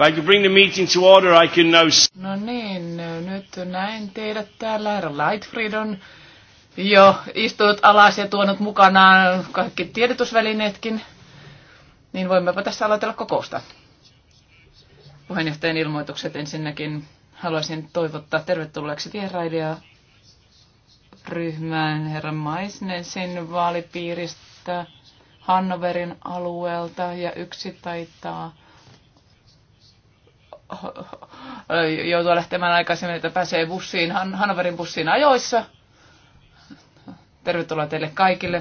If I could bring the meeting to order, I can now... No niin, nyt näin teidät täällä. Herra Lightfried on jo istunut alas ja tuonut mukanaan kaikki tiedotusvälineetkin. Niin voimmepa tässä aloitella kokousta. Puheenjohtajan ilmoitukset ensinnäkin. Haluaisin toivottaa tervetulleeksi vierailija ryhmään herra Maisnesin vaalipiiristä Hannoverin alueelta ja yksi taitaa joutua lähtemään aikaisemmin, että pääsee bussiin, Han- Hanoverin bussiin ajoissa. Tervetuloa teille kaikille.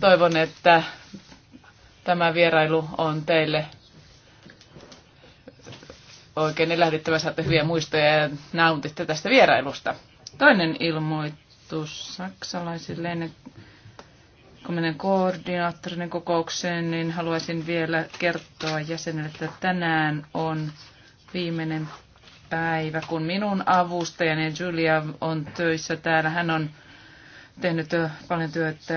Toivon, että tämä vierailu on teille oikein elähdyttävä, niin saatte hyviä muistoja ja nautitte tästä vierailusta. Toinen ilmoitus saksalaisille, kun menen koordinaattorinen kokoukseen, niin haluaisin vielä kertoa jäsenille, että tänään on viimeinen päivä, kun minun avustajani Julia on töissä täällä. Hän on tehnyt paljon työtä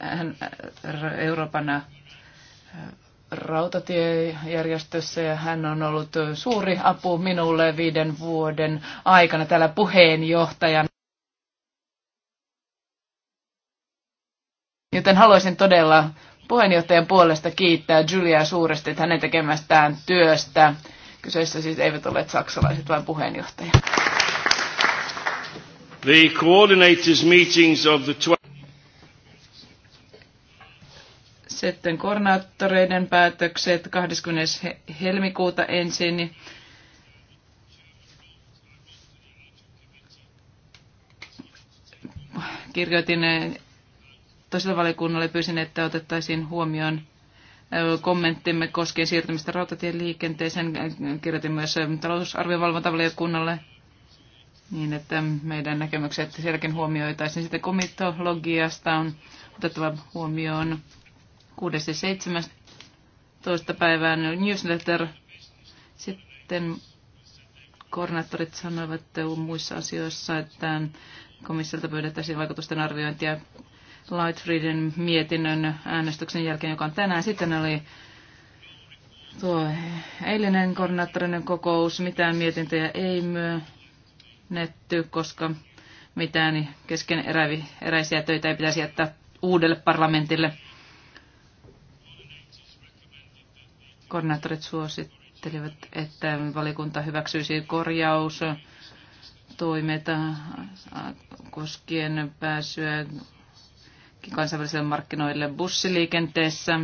hän, Euroopan rautatiejärjestössä ja hän on ollut suuri apu minulle viiden vuoden aikana täällä puheenjohtajan. Joten haluaisin todella puheenjohtajan puolesta kiittää Juliaa suuresti että hänen tekemästään työstä. Kyseessä siis eivät ole saksalaiset, vaan puheenjohtaja. The coordinators meetings of the Sitten koordinaattoreiden päätökset 20. helmikuuta ensin. Kirjoitin toiselle valiokunnalle pyysin, että otettaisiin huomioon kommenttimme koskien siirtymistä rautatien liikenteeseen. Kirjoitin myös talousarviovalvontavaliokunnalle niin, että meidän näkemykset sielläkin huomioitaisiin. Sitten komitologiasta on otettava huomioon 6. ja 17. päivään newsletter. Sitten koordinaattorit sanoivat muissa asioissa, että komissiolta pyydettäisiin vaikutusten arviointia Lightfrieden mietinnön äänestyksen jälkeen, joka on tänään. Sitten oli tuo eilinen koordinaattorinen kokous. Mitään mietintöjä ei myönnetty, koska mitään kesken erävi, eräisiä töitä ei pitäisi jättää uudelle parlamentille. Koordinaattorit suosittelivat, että valikunta hyväksyisi korjaus toimeta äh, koskien pääsyä kansainvälisille markkinoille bussiliikenteessä.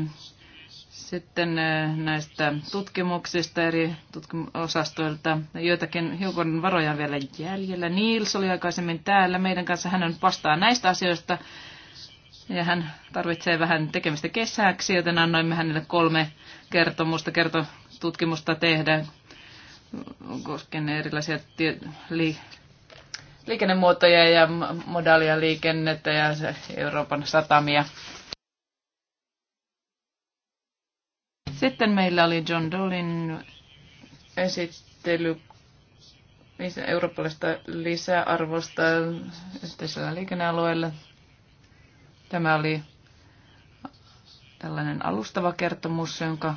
Sitten äh, näistä tutkimuksista eri osastoilta. Joitakin hiukan varoja on vielä jäljellä. Niils oli aikaisemmin täällä meidän kanssa. Hän vastaa näistä asioista ja hän tarvitsee vähän tekemistä kesäksi, joten annoimme hänelle kolme kertomusta, kertotutkimusta tehdä koskien erilaisia tie- li- liikennemuotoja ja modaalia liikennettä ja Euroopan satamia. Sitten meillä oli John Dolin esittely eurooppalaisesta lisäarvosta yhteisellä liikennealueella. Tämä oli tällainen alustava kertomus, jonka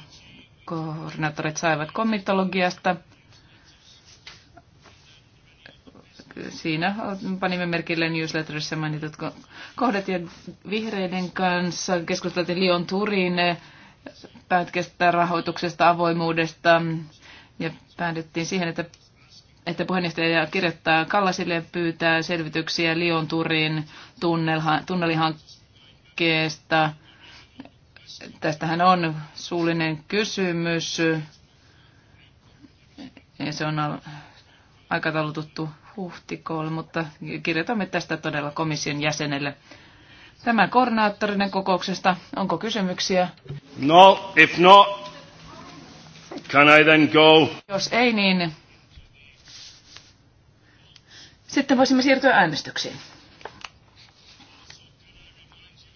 koordinaattorit saivat komitologiasta. siinä panimme merkille newsletterissa mainitut kohdat ja vihreiden kanssa keskusteltiin Lyon Turin eh, päätkestä rahoituksesta, avoimuudesta ja päädyttiin siihen, että, että puheenjohtaja kirjoittaa Kallasille ja pyytää selvityksiä Lyon Turin tunnelihankkeesta. Tästähän on suullinen kysymys ja se on aikataulutettu huhtikuulle, mutta kirjoitamme tästä todella komission jäsenelle. Tämä koordinaattorinen kokouksesta, onko kysymyksiä? No, if not, can I then go? Jos ei, niin sitten voisimme siirtyä äänestyksiin.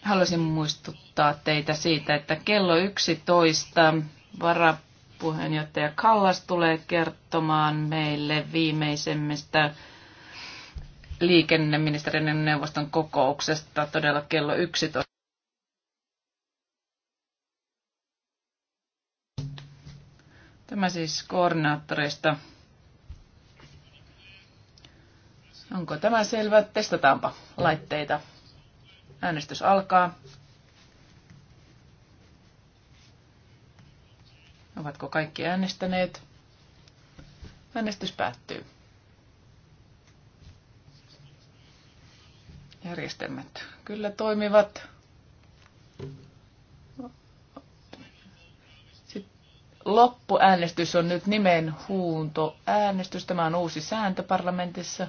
Haluaisin muistuttaa teitä siitä, että kello 11 varapalvelu puheenjohtaja Kallas tulee kertomaan meille viimeisemmistä liikenneministeriön neuvoston kokouksesta todella kello 11. Tämä siis koordinaattoreista. Onko tämä selvä? Testataanpa laitteita. Äänestys alkaa. Ovatko kaikki äänestäneet? Äänestys päättyy. Järjestelmät kyllä toimivat. loppuäänestys on nyt nimen huunto äänestys. Tämä on uusi sääntö parlamentissa.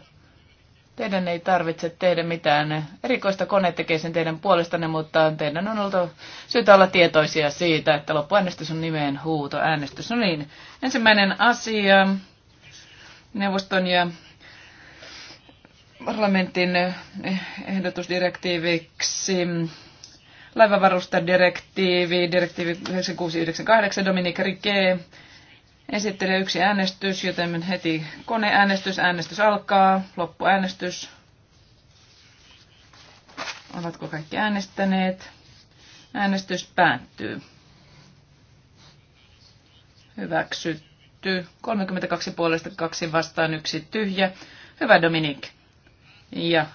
Teidän ei tarvitse tehdä mitään erikoista kone tekee sen teidän puolestanne, mutta teidän on oltu syytä olla tietoisia siitä, että loppuäänestys on nimeen huuto äänestys. No niin, ensimmäinen asia neuvoston ja parlamentin ehdotusdirektiiviksi laivavarustadirektiivi, direktiivi 9698, Dominique Riquet, Esittelee yksi äänestys, joten heti koneäänestys, äänestys alkaa, loppuäänestys. Ovatko kaikki äänestäneet? Äänestys päättyy. Hyväksytty. 32 puolesta, kaksi vastaan, yksi tyhjä. Hyvä Dominik. Ja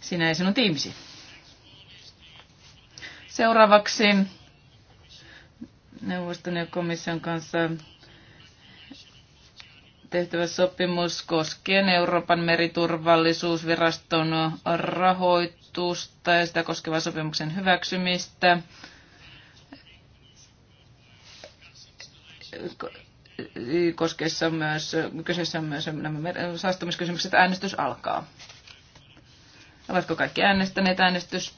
sinä ja sinun tiimisi. Seuraavaksi neuvoston ja komission kanssa tehtävä sopimus koskien Euroopan meriturvallisuusviraston rahoitusta ja sitä koskevan sopimuksen hyväksymistä. Koskeessa myös, kyseessä on myös nämä saastumiskysymykset. Äänestys alkaa. Ovatko kaikki äänestäneet? Äänestys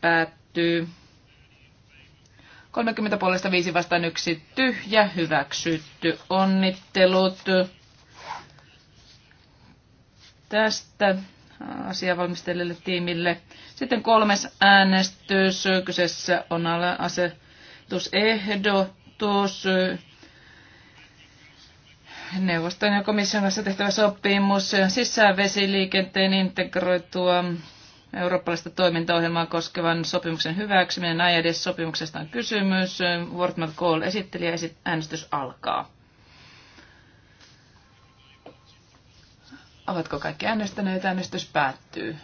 päättyy. 30 puolesta 5 vastaan 1 tyhjä hyväksytty. Onnittelut tästä asiavalmistelijalle tiimille. Sitten kolmes äänestys. Kyseessä on asetusehdotus. Neuvoston ja komission kanssa tehtävä sopimus sisävesiliikenteen integroitua eurooppalaista toimintaohjelmaa koskevan sopimuksen hyväksyminen. edes sopimuksesta on kysymys. Wortman Kohl esitteli ja äänestys alkaa. Ovatko kaikki äänestäneet? Äänestys päättyy.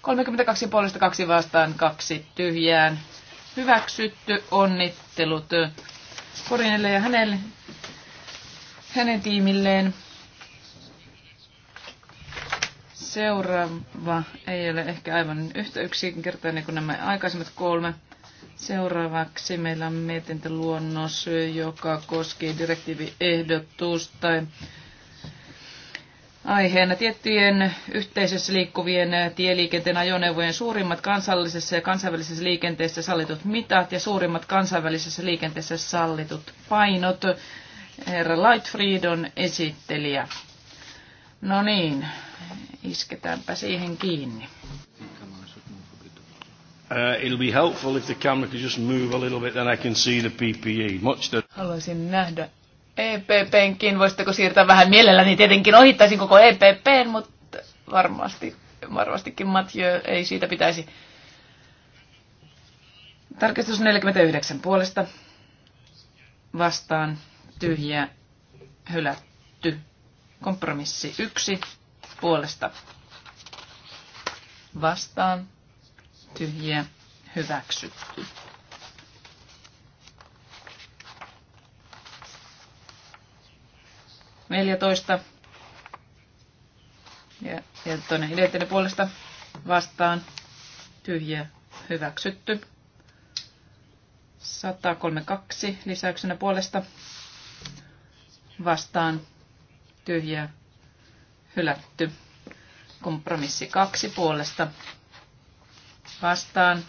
32 puolesta kaksi vastaan kaksi tyhjään. Hyväksytty, onnittelut Korinelle ja hänelle, hänen tiimilleen. Seuraava ei ole ehkä aivan yhtä yksinkertainen kuin nämä aikaisemmat kolme. Seuraavaksi meillä on mietintöluonnos, joka koskee direktiiviehdotusta aiheena tiettyjen yhteisössä liikkuvien tieliikenteen ajoneuvojen suurimmat kansallisessa ja kansainvälisessä liikenteessä sallitut mitat ja suurimmat kansainvälisessä liikenteessä sallitut painot. Herra Lightfried on esittelijä. No niin, Isketäänpä siihen kiinni. Uh, it'll be helpful if the camera could just move a little bit, then I can see the PPE. Much the... Haluaisin nähdä EPPnkin. Voisitteko siirtää vähän mielelläni? Tietenkin ohittaisin koko EPPn, mutta varmasti, varmastikin Mathieu ei siitä pitäisi. Tarkistus 49 puolesta. Vastaan tyhjä, hylätty. Kompromissi 1 puolesta vastaan tyhjiä hyväksytty. Neljätoista. Ja, ja toinen identtinen puolesta vastaan tyhjiä hyväksytty. 132 lisäyksenä puolesta vastaan tyhjiä hylätty. Kompromissi kaksi puolesta vastaan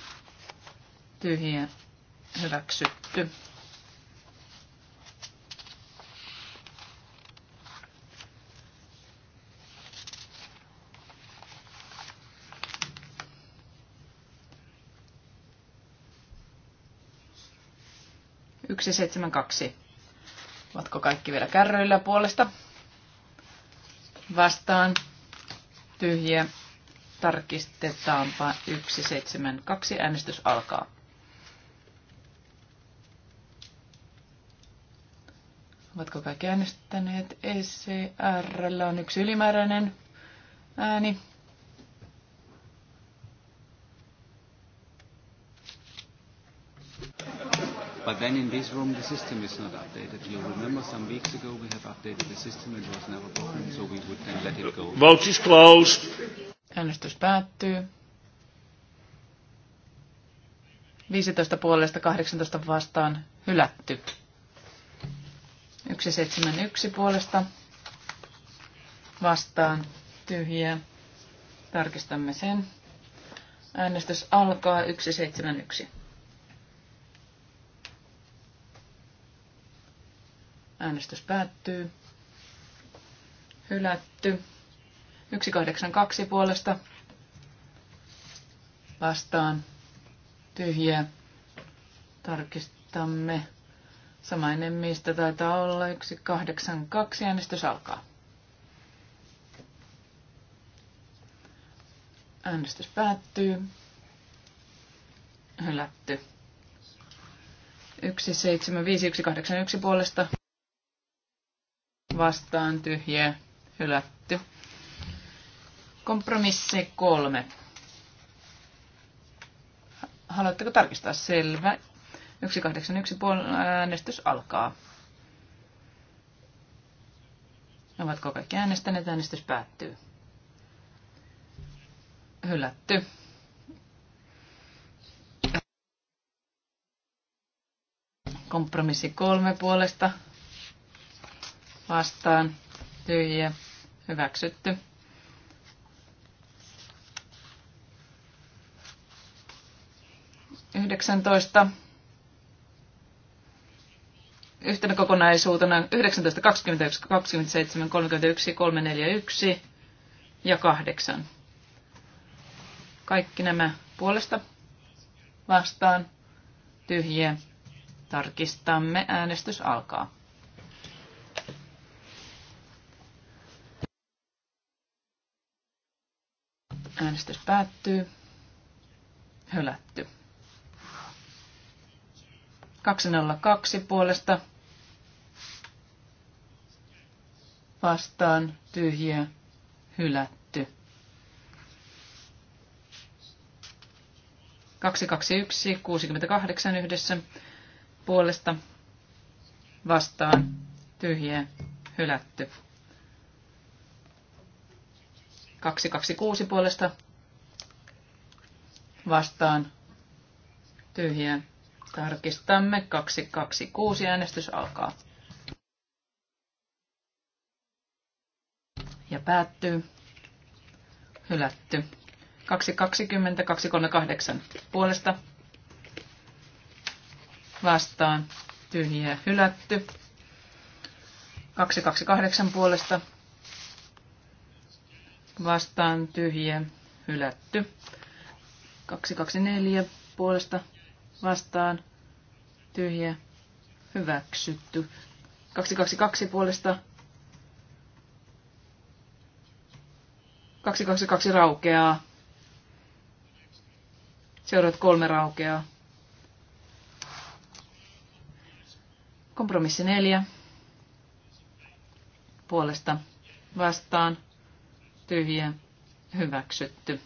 tyhjä hyväksytty. Yksi seitsemän kaksi. Ovatko kaikki vielä kärryillä puolesta? vastaan tyhjiä. Tarkistetaanpa 172. Äänestys alkaa. Ovatko kaikki äänestäneet? ECR on yksi ylimääräinen ääni. then in this room the system is not updated. You remember some weeks ago we have updated the system, it was never broken, so we would then let it go. Vote is closed. Äänestys päättyy. 15 puolesta 18 vastaan hylätty. 171 puolesta vastaan tyhjä. Tarkistamme sen. Äänestys alkaa 171. Äänestys päättyy. Hylätty. 182 puolesta. Vastaan. Tyhjiä. Tarkistamme. Sama enemmistö taitaa olla 182. Äänestys alkaa. Äänestys päättyy. Hylätty. 175, 181 puolesta vastaan tyhjä hylätty. Kompromissi kolme. Haluatteko tarkistaa? Selvä. 181 puol- äänestys alkaa. Ovatko kaikki äänestäneet? Äänestys päättyy. Hylätty. Kompromissi kolme puolesta vastaan tyhjiä hyväksytty. Yhdeksäntoista yhtenä kokonaisuutena 19, 21, 27, 31, 341 ja 8. Kaikki nämä puolesta vastaan tyhjiä. Tarkistamme. Äänestys alkaa. Äänestys päättyy. Hylätty. 202 puolesta vastaan tyhjiä hylätty. 221, 68 yhdessä puolesta vastaan tyhjiä hylätty. 226 puolesta vastaan tyhjää. Tarkistamme 226 äänestys alkaa. Ja päättyy. Hylätty. 220 238 puolesta vastaan tyhjiä hylätty. 228 puolesta vastaan tyhjiä hylätty. 224 puolesta vastaan tyhjiä hyväksytty. 222 puolesta 222 raukeaa. Seuraavat kolme raukeaa. Kompromissi neljä. Puolesta vastaan tyhjä, hyväksytty.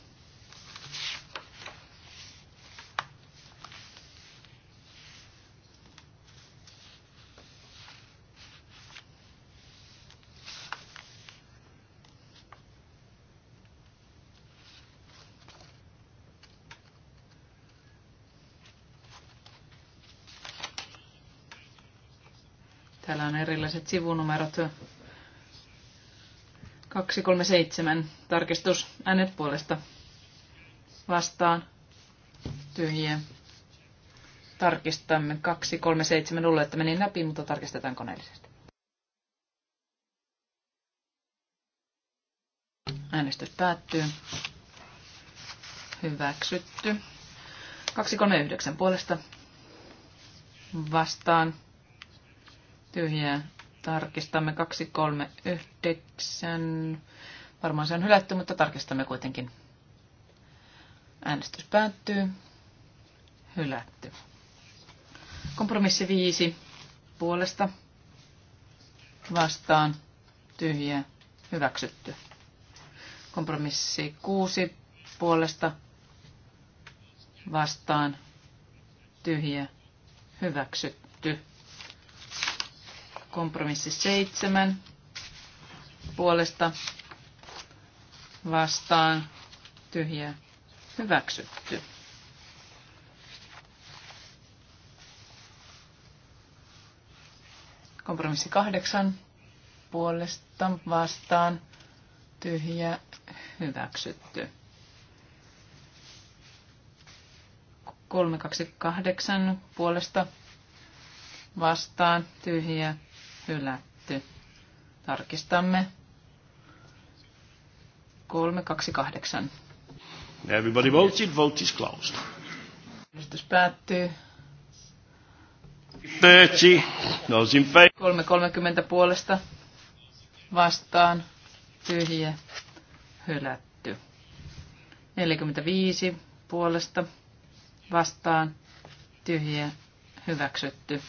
erilaiset sivunumerot 237 tarkistus äänet puolesta vastaan tyhjiä. Tarkistamme 237 luulen, että meni läpi, mutta tarkistetaan koneellisesti. Äänestys päättyy. Hyväksytty. 239 puolesta vastaan tyhjää Tarkistamme 239. Varmaan se on hylätty, mutta tarkistamme kuitenkin. Äänestys päättyy. Hylätty. Kompromissi 5. Puolesta. Vastaan. Tyhjä. Hyväksytty. Kompromissi 6. Puolesta. Vastaan. Tyhjä. Hyväksytty. Kompromissi 7 puolesta vastaan tyhjä hyväksytty. Kompromissi 8 puolesta vastaan tyhjä hyväksytty. 328 puolesta vastaan tyhjä hylätty. Tarkistamme. 328. Everybody voted, vote is closed. Äänestys päättyy. 30, those in favor. 3.30 puolesta vastaan, tyhjä, hylätty. 45 puolesta vastaan, tyhjä, hyväksytty.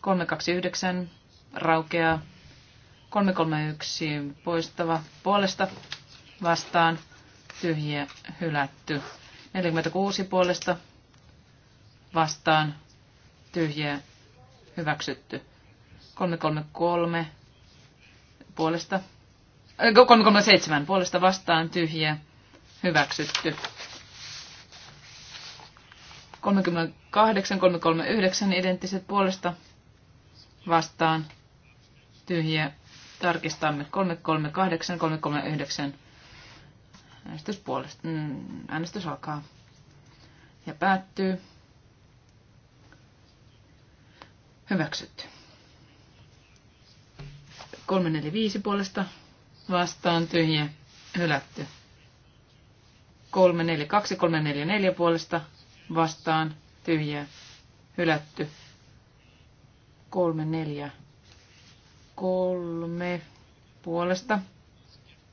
329 raukeaa. 331 poistava puolesta vastaan tyhjiä hylätty. 46 puolesta vastaan tyhjiä hyväksytty. 333 puolesta, 337 äh, puolesta vastaan tyhjiä hyväksytty. 38, 339 identtiset puolesta vastaan tyhjiä. Tarkistamme 338, 339. Äänestyspuolesta. puolesta. Mm, äänestys alkaa. Ja päättyy. Hyväksytty. 345 puolesta vastaan tyhjiä. Hylätty. 342, 344 puolesta vastaan tyhjiä. Hylätty. 34 kolme puolesta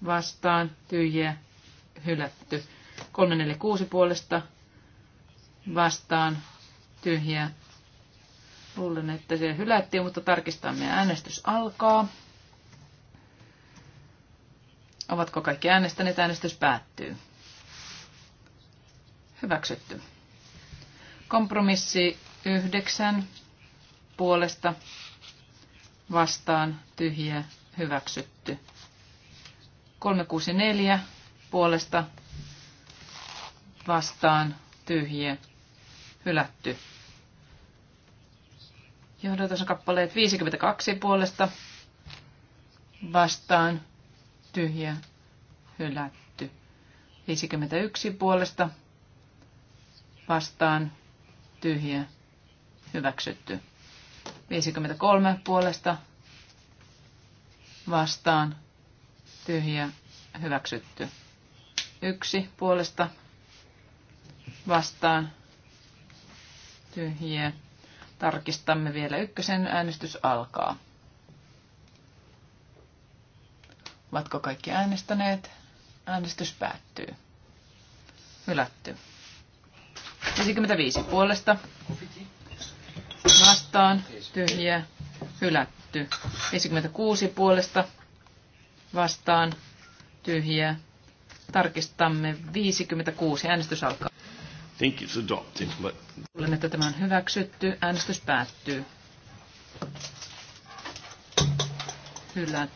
vastaan tyhjä hylätty. 346 puolesta vastaan tyhjä Luulen, että se hylättiin, mutta tarkistamme. Äänestys alkaa. Ovatko kaikki äänestäneet? Äänestys päättyy. Hyväksytty. Kompromissi yhdeksän puolesta vastaan tyhjiä hyväksytty. 364 puolesta vastaan tyhjiä hylätty. kappaleet 52 puolesta vastaan tyhjiä hylätty. 51 puolesta vastaan tyhjiä hyväksytty. 53 puolesta vastaan tyhjä hyväksytty. Yksi puolesta vastaan tyhjä. Tarkistamme vielä ykkösen. Äänestys alkaa. Ovatko kaikki äänestäneet? Äänestys päättyy. Hylätty. 55 puolesta vastaan, tyhjiä, hylätty. 56 puolesta vastaan, tyhjiä. Tarkistamme 56. Äänestys alkaa. Think it's adopted, but... Luulen, että tämä on hyväksytty. Äänestys päättyy. Hylä.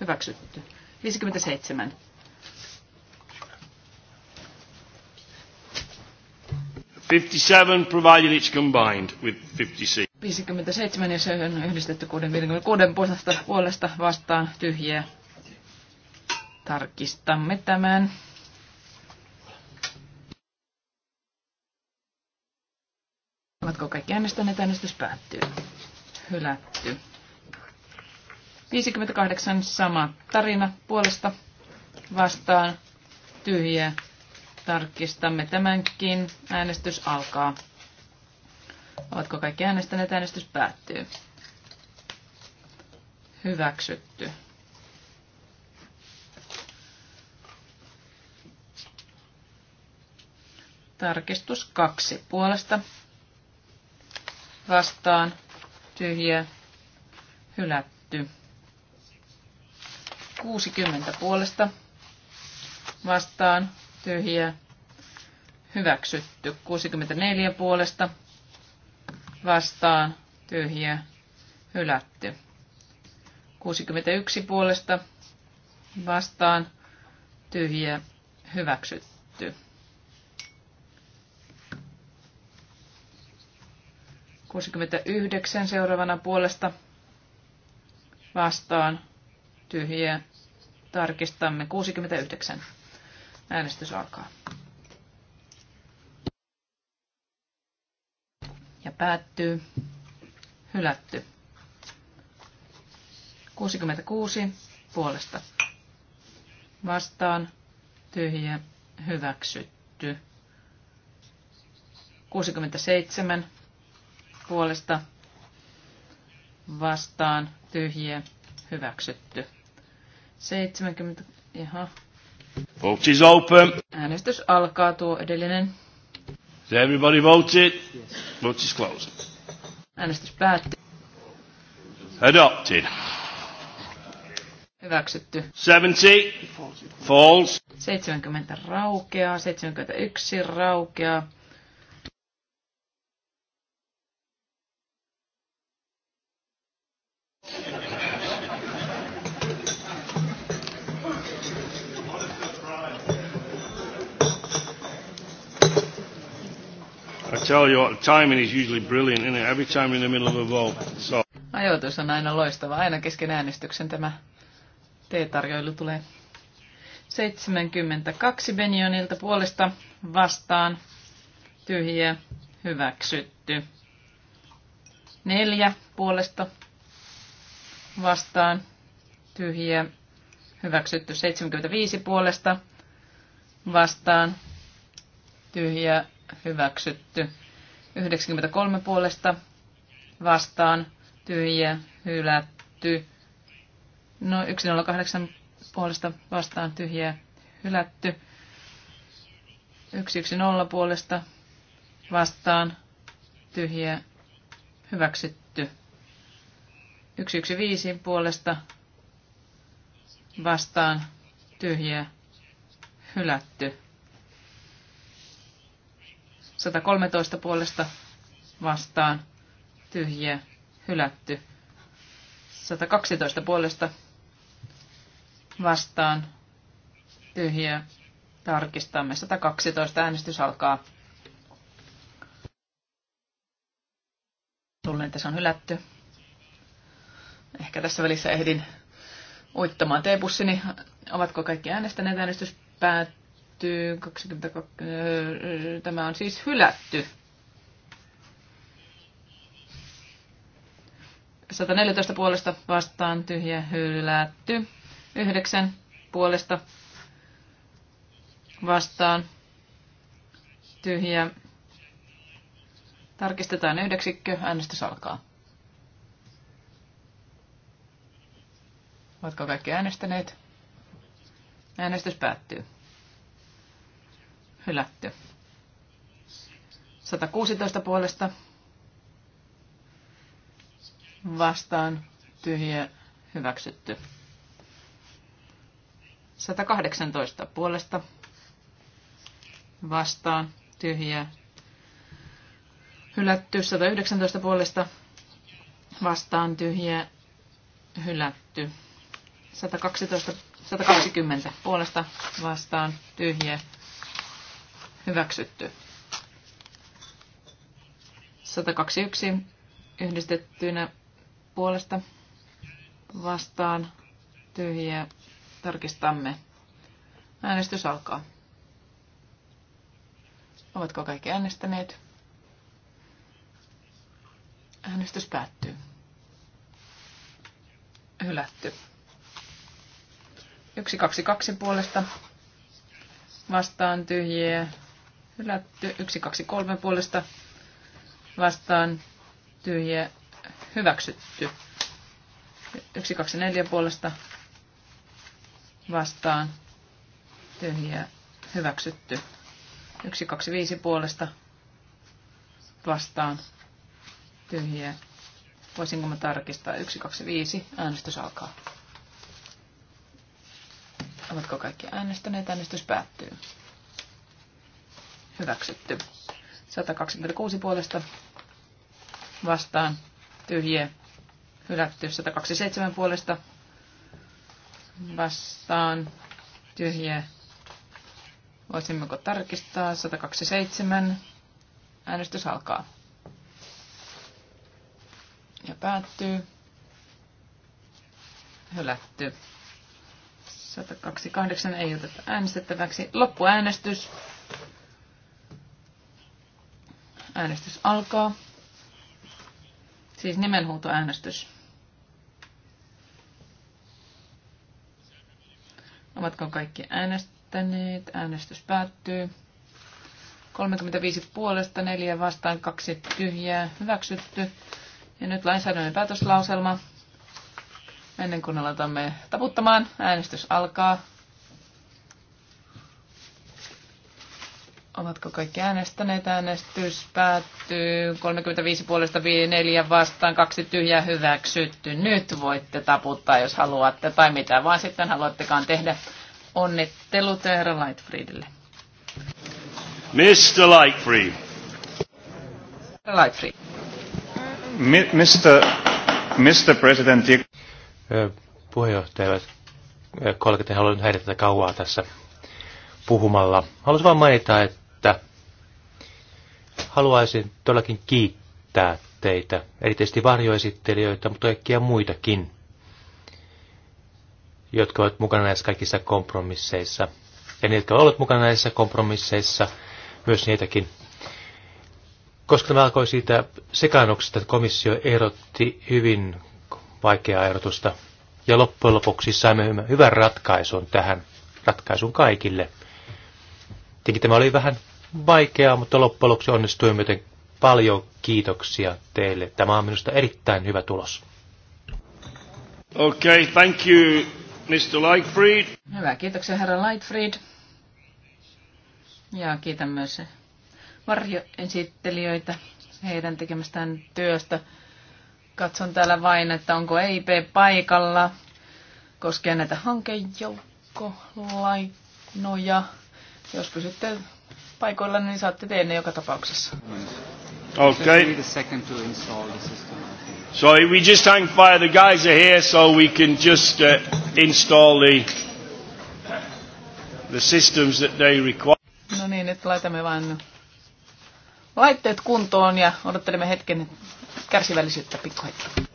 Hyväksytty. 57 57 provided it's combined with 56. 57 ja se on yhdistetty 656 puolesta, puolesta vastaan tyhjiä. Tarkistamme tämän. Oletko kaikki äänestäneet? Äänestys päättyy. Hylätty. 58 sama tarina puolesta vastaan tyhjiä Tarkistamme tämänkin. Äänestys alkaa. Ovatko kaikki äänestäneet? Äänestys päättyy. Hyväksytty. Tarkistus kaksi puolesta. Vastaan. Tyhjä. Hylätty. 60 puolesta. Vastaan tyhjiä hyväksytty. 64 puolesta vastaan tyhjiä hylätty. 61 puolesta vastaan tyhjiä hyväksytty. yhdeksän seuraavana puolesta vastaan tyhjiä. Tarkistamme yhdeksän Äänestys alkaa. Ja päättyy. Hylätty. 66 puolesta. Vastaan. Tyhjä. Hyväksytty. 67 puolesta vastaan Tyhjä. hyväksytty. 70, jaha, Vote is open. Äänestys alkaa tuo edellinen. Has everybody voted? Vote is closed. Äänestys päättyy. Adopted. Hyväksytty. 70. False. 70 raukeaa, 71 raukeaa, tell you, timing is usually brilliant, isn't it? Every time in the middle of a vote. So. Ajoitus on aina loistava. Aina kesken äänestyksen tämä T-tarjoilu tulee. 72 Benionilta puolesta vastaan. Tyhjiä. Hyväksytty. Neljä puolesta vastaan. Tyhjiä. Hyväksytty. 75 puolesta vastaan. Tyhjiä hyväksytty. 93 puolesta vastaan tyhjiä hylätty. No 108 puolesta vastaan tyhjiä hylätty. 110 puolesta vastaan tyhjiä hyväksytty. 115 puolesta vastaan tyhjiä hylätty. 113 puolesta vastaan tyhjiä hylätty. 112 puolesta vastaan tyhjiä tarkistamme. 112 äänestys alkaa. Luulen, että se on hylätty. Ehkä tässä välissä ehdin uittamaan teepussini. Ovatko kaikki äänestäneet? Äänestys päättyy hylätty, 22, tämä on siis hylätty. 114 puolesta vastaan tyhjä hylätty. 9 puolesta vastaan tyhjä. Tarkistetaan yhdeksikkö. Äänestys alkaa. Oletko kaikki äänestäneet? Äänestys päättyy hylätty. 116 puolesta vastaan tyhjä hyväksytty. 118 puolesta vastaan tyhjä hylätty. 119 puolesta vastaan tyhjä hylätty. 112, 120 puolesta vastaan tyhjä hyväksytty. 121 yhdistettynä puolesta vastaan tyhjiä tarkistamme. Äänestys alkaa. Ovatko kaikki äänestäneet? Äänestys päättyy. Hylätty. 122 puolesta vastaan tyhjiä hylätty. 3 puolesta vastaan tyhjä hyväksytty. 4 puolesta vastaan tyhjä hyväksytty. 5 puolesta vastaan tyhjä. Voisinko mä tarkistaa? 5. Äänestys alkaa. Ovatko kaikki äänestäneet? Äänestys päättyy. Hyväksytty. 126 puolesta vastaan tyhjiä. Hylätty. 127 puolesta vastaan tyhjiä. Voisimmeko tarkistaa? 127. Äänestys alkaa. Ja päättyy. Hylätty. 128 ei oteta äänestettäväksi. Loppuäänestys. Äänestys alkaa. Siis nimenhuutoäänestys. Ovatko kaikki äänestäneet? Äänestys päättyy. 35 puolesta, 4 vastaan, 2 tyhjää. Hyväksytty. Ja nyt lainsäädännön päätöslauselma. Ennen kuin aloitamme taputtamaan, äänestys alkaa. Ovatko kaikki äänestäneet? Äänestys päättyy 35 puolesta 4 vastaan, kaksi tyhjää hyväksytty. Nyt voitte taputtaa, jos haluatte, tai mitä vaan sitten haluattekaan tehdä. Onnittelut Eero Lightfriedille. Mr. Lightfried. Lightfried. Mi- Mr. Mr. President. Puheenjohtaja, kollegat, haluan häiritä kauaa tässä puhumalla. Haluaisin vain mainita, että haluaisin todellakin kiittää teitä, erityisesti varjoesittelijöitä, mutta kaikkia muitakin, jotka ovat mukana näissä kaikissa kompromisseissa. Ja niitä, jotka ovat mukana näissä kompromisseissa, myös niitäkin. Koska tämä alkoi siitä sekaannuksesta, että komissio ehdotti hyvin vaikeaa ehdotusta. Ja loppujen lopuksi saimme hyvän ratkaisun tähän, ratkaisun kaikille. Tietenkin tämä oli vähän vaikeaa, mutta loppujen lopuksi onnistui, joten paljon kiitoksia teille. Tämä on minusta erittäin hyvä tulos. Okay, thank you, Mr. Lightfried. Hyvä, kiitoksia herra Lightfried. Ja kiitän myös varjoesittelijöitä heidän tekemästään työstä. Katson täällä vain, että onko EIP paikalla koskien näitä hankejoukkolainoja. Jos pysytte paikoilla, niin saatte tehdä ne joka tapauksessa. Okay. So we just hang fire. The guys are here, so we can just uh, install the the systems that they require. No niin, nyt laitamme vain laitteet kuntoon ja odottelemme hetken kärsivällisyyttä pikkuhetki.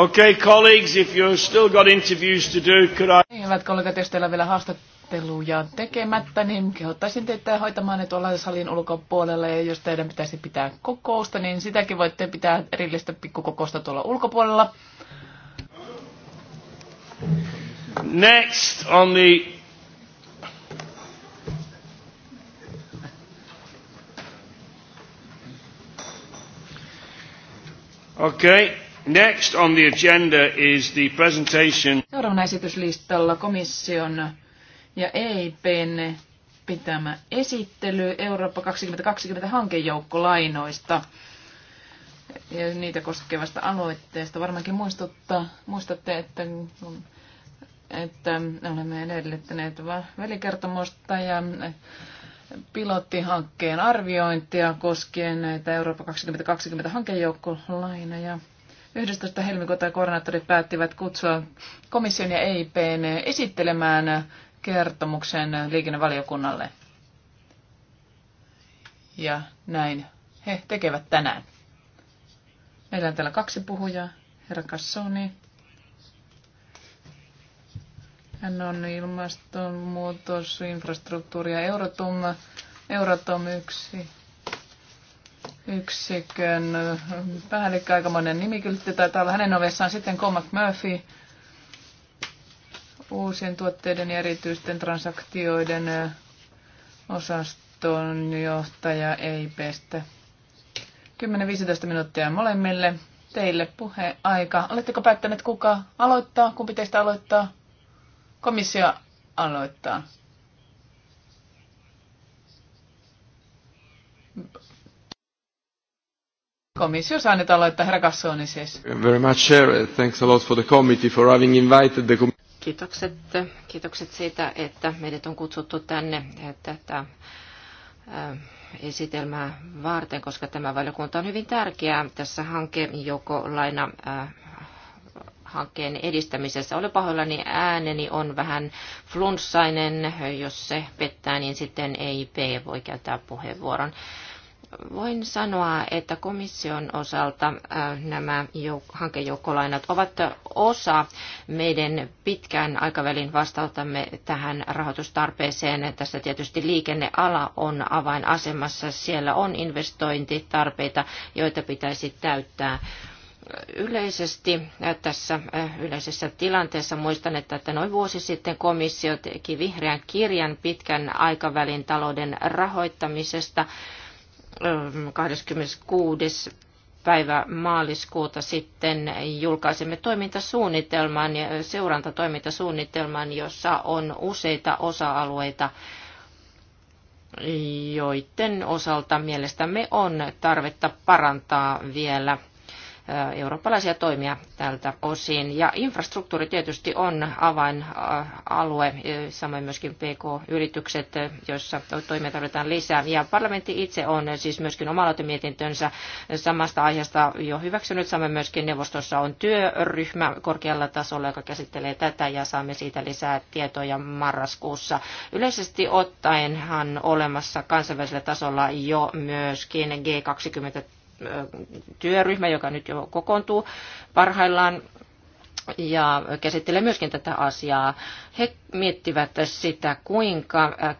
Okay, colleagues, if you've still got interviews to do, could I... Niin, hyvät kollegat, jos teillä on vielä haastatteluja tekemättä, niin kehottaisin teitä hoitamaan ne tuolla salin ulkopuolelle. Ja jos teidän pitäisi pitää kokousta, niin sitäkin voitte pitää erillistä pikkukokousta tuolla ulkopuolella. Next on the Okay. Next on the agenda is the presentation. Seuraavana esityslistalla komission ja EIPn pitämä esittely Eurooppa 2020 hankejoukkolainoista ja niitä koskevasta aloitteesta. Varmaankin muistuttaa, muistatte, että, että olemme edellyttäneet välikertomusta ja pilottihankkeen arviointia koskien näitä Eurooppa 2020 hankejoukkolainoja. 11. helmikuuta koordinaattorit päättivät kutsua komission ja EIPn esittelemään kertomuksen liikennevaliokunnalle. Ja näin he tekevät tänään. Meillä on täällä kaksi puhujaa, herra Kassoni. Hän on ilmastonmuutos, infrastruktuuri ja Euratom, Euratom yksi yksikön päällikkö, aikamoinen nimikyltti, taitaa olla hänen ovessaan sitten Comac Murphy, uusien tuotteiden ja erityisten transaktioiden osaston johtaja ei pestä. 10-15 minuuttia molemmille. Teille puheaika. Oletteko päättäneet kuka aloittaa? Kumpi teistä aloittaa? Komissio aloittaa. Komissio saa nyt aloittaa, herra Kassoni siis. Very much, Chair. Thanks a lot for the committee for having invited the Kiitokset, kiitokset siitä, että meidät on kutsuttu tänne tätä äh, esitelmää varten, koska tämä valiokunta on hyvin tärkeää tässä hanke joko laina äh, hankkeen edistämisessä. Olen pahoillani ääneni on vähän flunssainen. Jos se pettää, niin sitten EIP voi käyttää puheenvuoron voin sanoa, että komission osalta äh, nämä hankejoukkolainat ovat osa meidän pitkän aikavälin vastautamme tähän rahoitustarpeeseen. Tässä tietysti liikenneala on avainasemassa. Siellä on investointitarpeita, joita pitäisi täyttää yleisesti äh, tässä äh, yleisessä tilanteessa. Muistan, että noin vuosi sitten komissio teki vihreän kirjan pitkän aikavälin talouden rahoittamisesta 26 päivä maaliskuuta sitten julkaisemme toimintasuunnitelman, seurantatoimintasuunnitelman, jossa on useita osa-alueita, joiden osalta mielestämme on tarvetta parantaa vielä – eurooppalaisia toimia tältä osin. Ja infrastruktuuri tietysti on avainalue, samoin myöskin PK-yritykset, joissa toimia tarvitaan lisää. Ja parlamentti itse on siis myöskin omalautemietintönsä samasta aiheesta jo hyväksynyt, samoin myöskin neuvostossa on työryhmä korkealla tasolla, joka käsittelee tätä ja saamme siitä lisää tietoja marraskuussa. Yleisesti ottaenhan olemassa kansainvälisellä tasolla jo myöskin G20 työryhmä, joka nyt jo kokoontuu parhaillaan ja käsittelee myöskin tätä asiaa. He miettivät sitä, kuinka äh,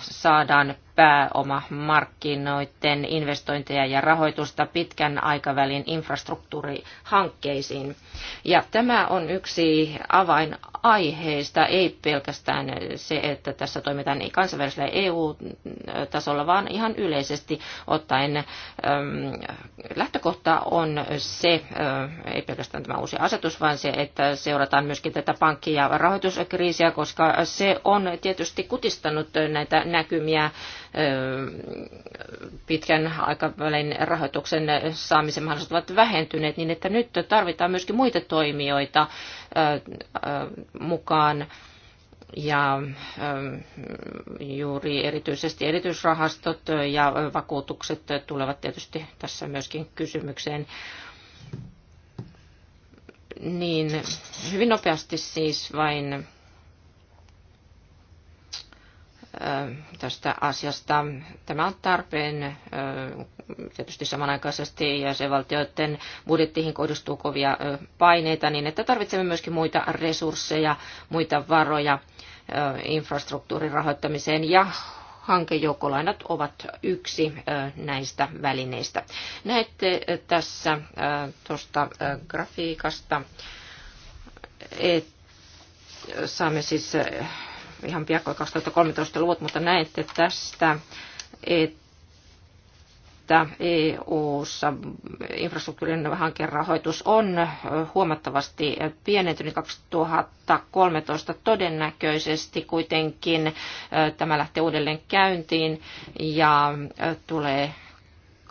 saadaan pääomamarkkinoiden investointeja ja rahoitusta pitkän aikavälin infrastruktuurihankkeisiin. Ja tämä on yksi avainaiheista, ei pelkästään se, että tässä toimitaan niin kansainvälisellä EU-tasolla, vaan ihan yleisesti ottaen ähm, lähtökohta on se, äh, ei pelkästään tämä uusi asetus, vaan se, että seurataan myöskin tätä pankki- ja rahoituskriisiä, koska se on tietysti kutistanut näitä näkymiä pitkän aikavälin rahoituksen saamisen mahdollisuudet ovat vähentyneet, niin että nyt tarvitaan myöskin muita toimijoita mukaan ja juuri erityisesti erityisrahastot ja vakuutukset tulevat tietysti tässä myöskin kysymykseen. Niin hyvin nopeasti siis vain tästä asiasta. Tämä on tarpeen tietysti samanaikaisesti valtioiden budjettiin kohdistuu kovia paineita, niin että tarvitsemme myöskin muita resursseja, muita varoja infrastruktuurin rahoittamiseen ja hankejoukolainat ovat yksi näistä välineistä. Näette tässä tuosta grafiikasta, että saamme siis ihan piakkoin 2013 luvut, mutta näette tästä, että EU-ssa infrastruktuurin hankerahoitus on huomattavasti pienentynyt 2013 todennäköisesti kuitenkin. Tämä lähtee uudelleen käyntiin ja tulee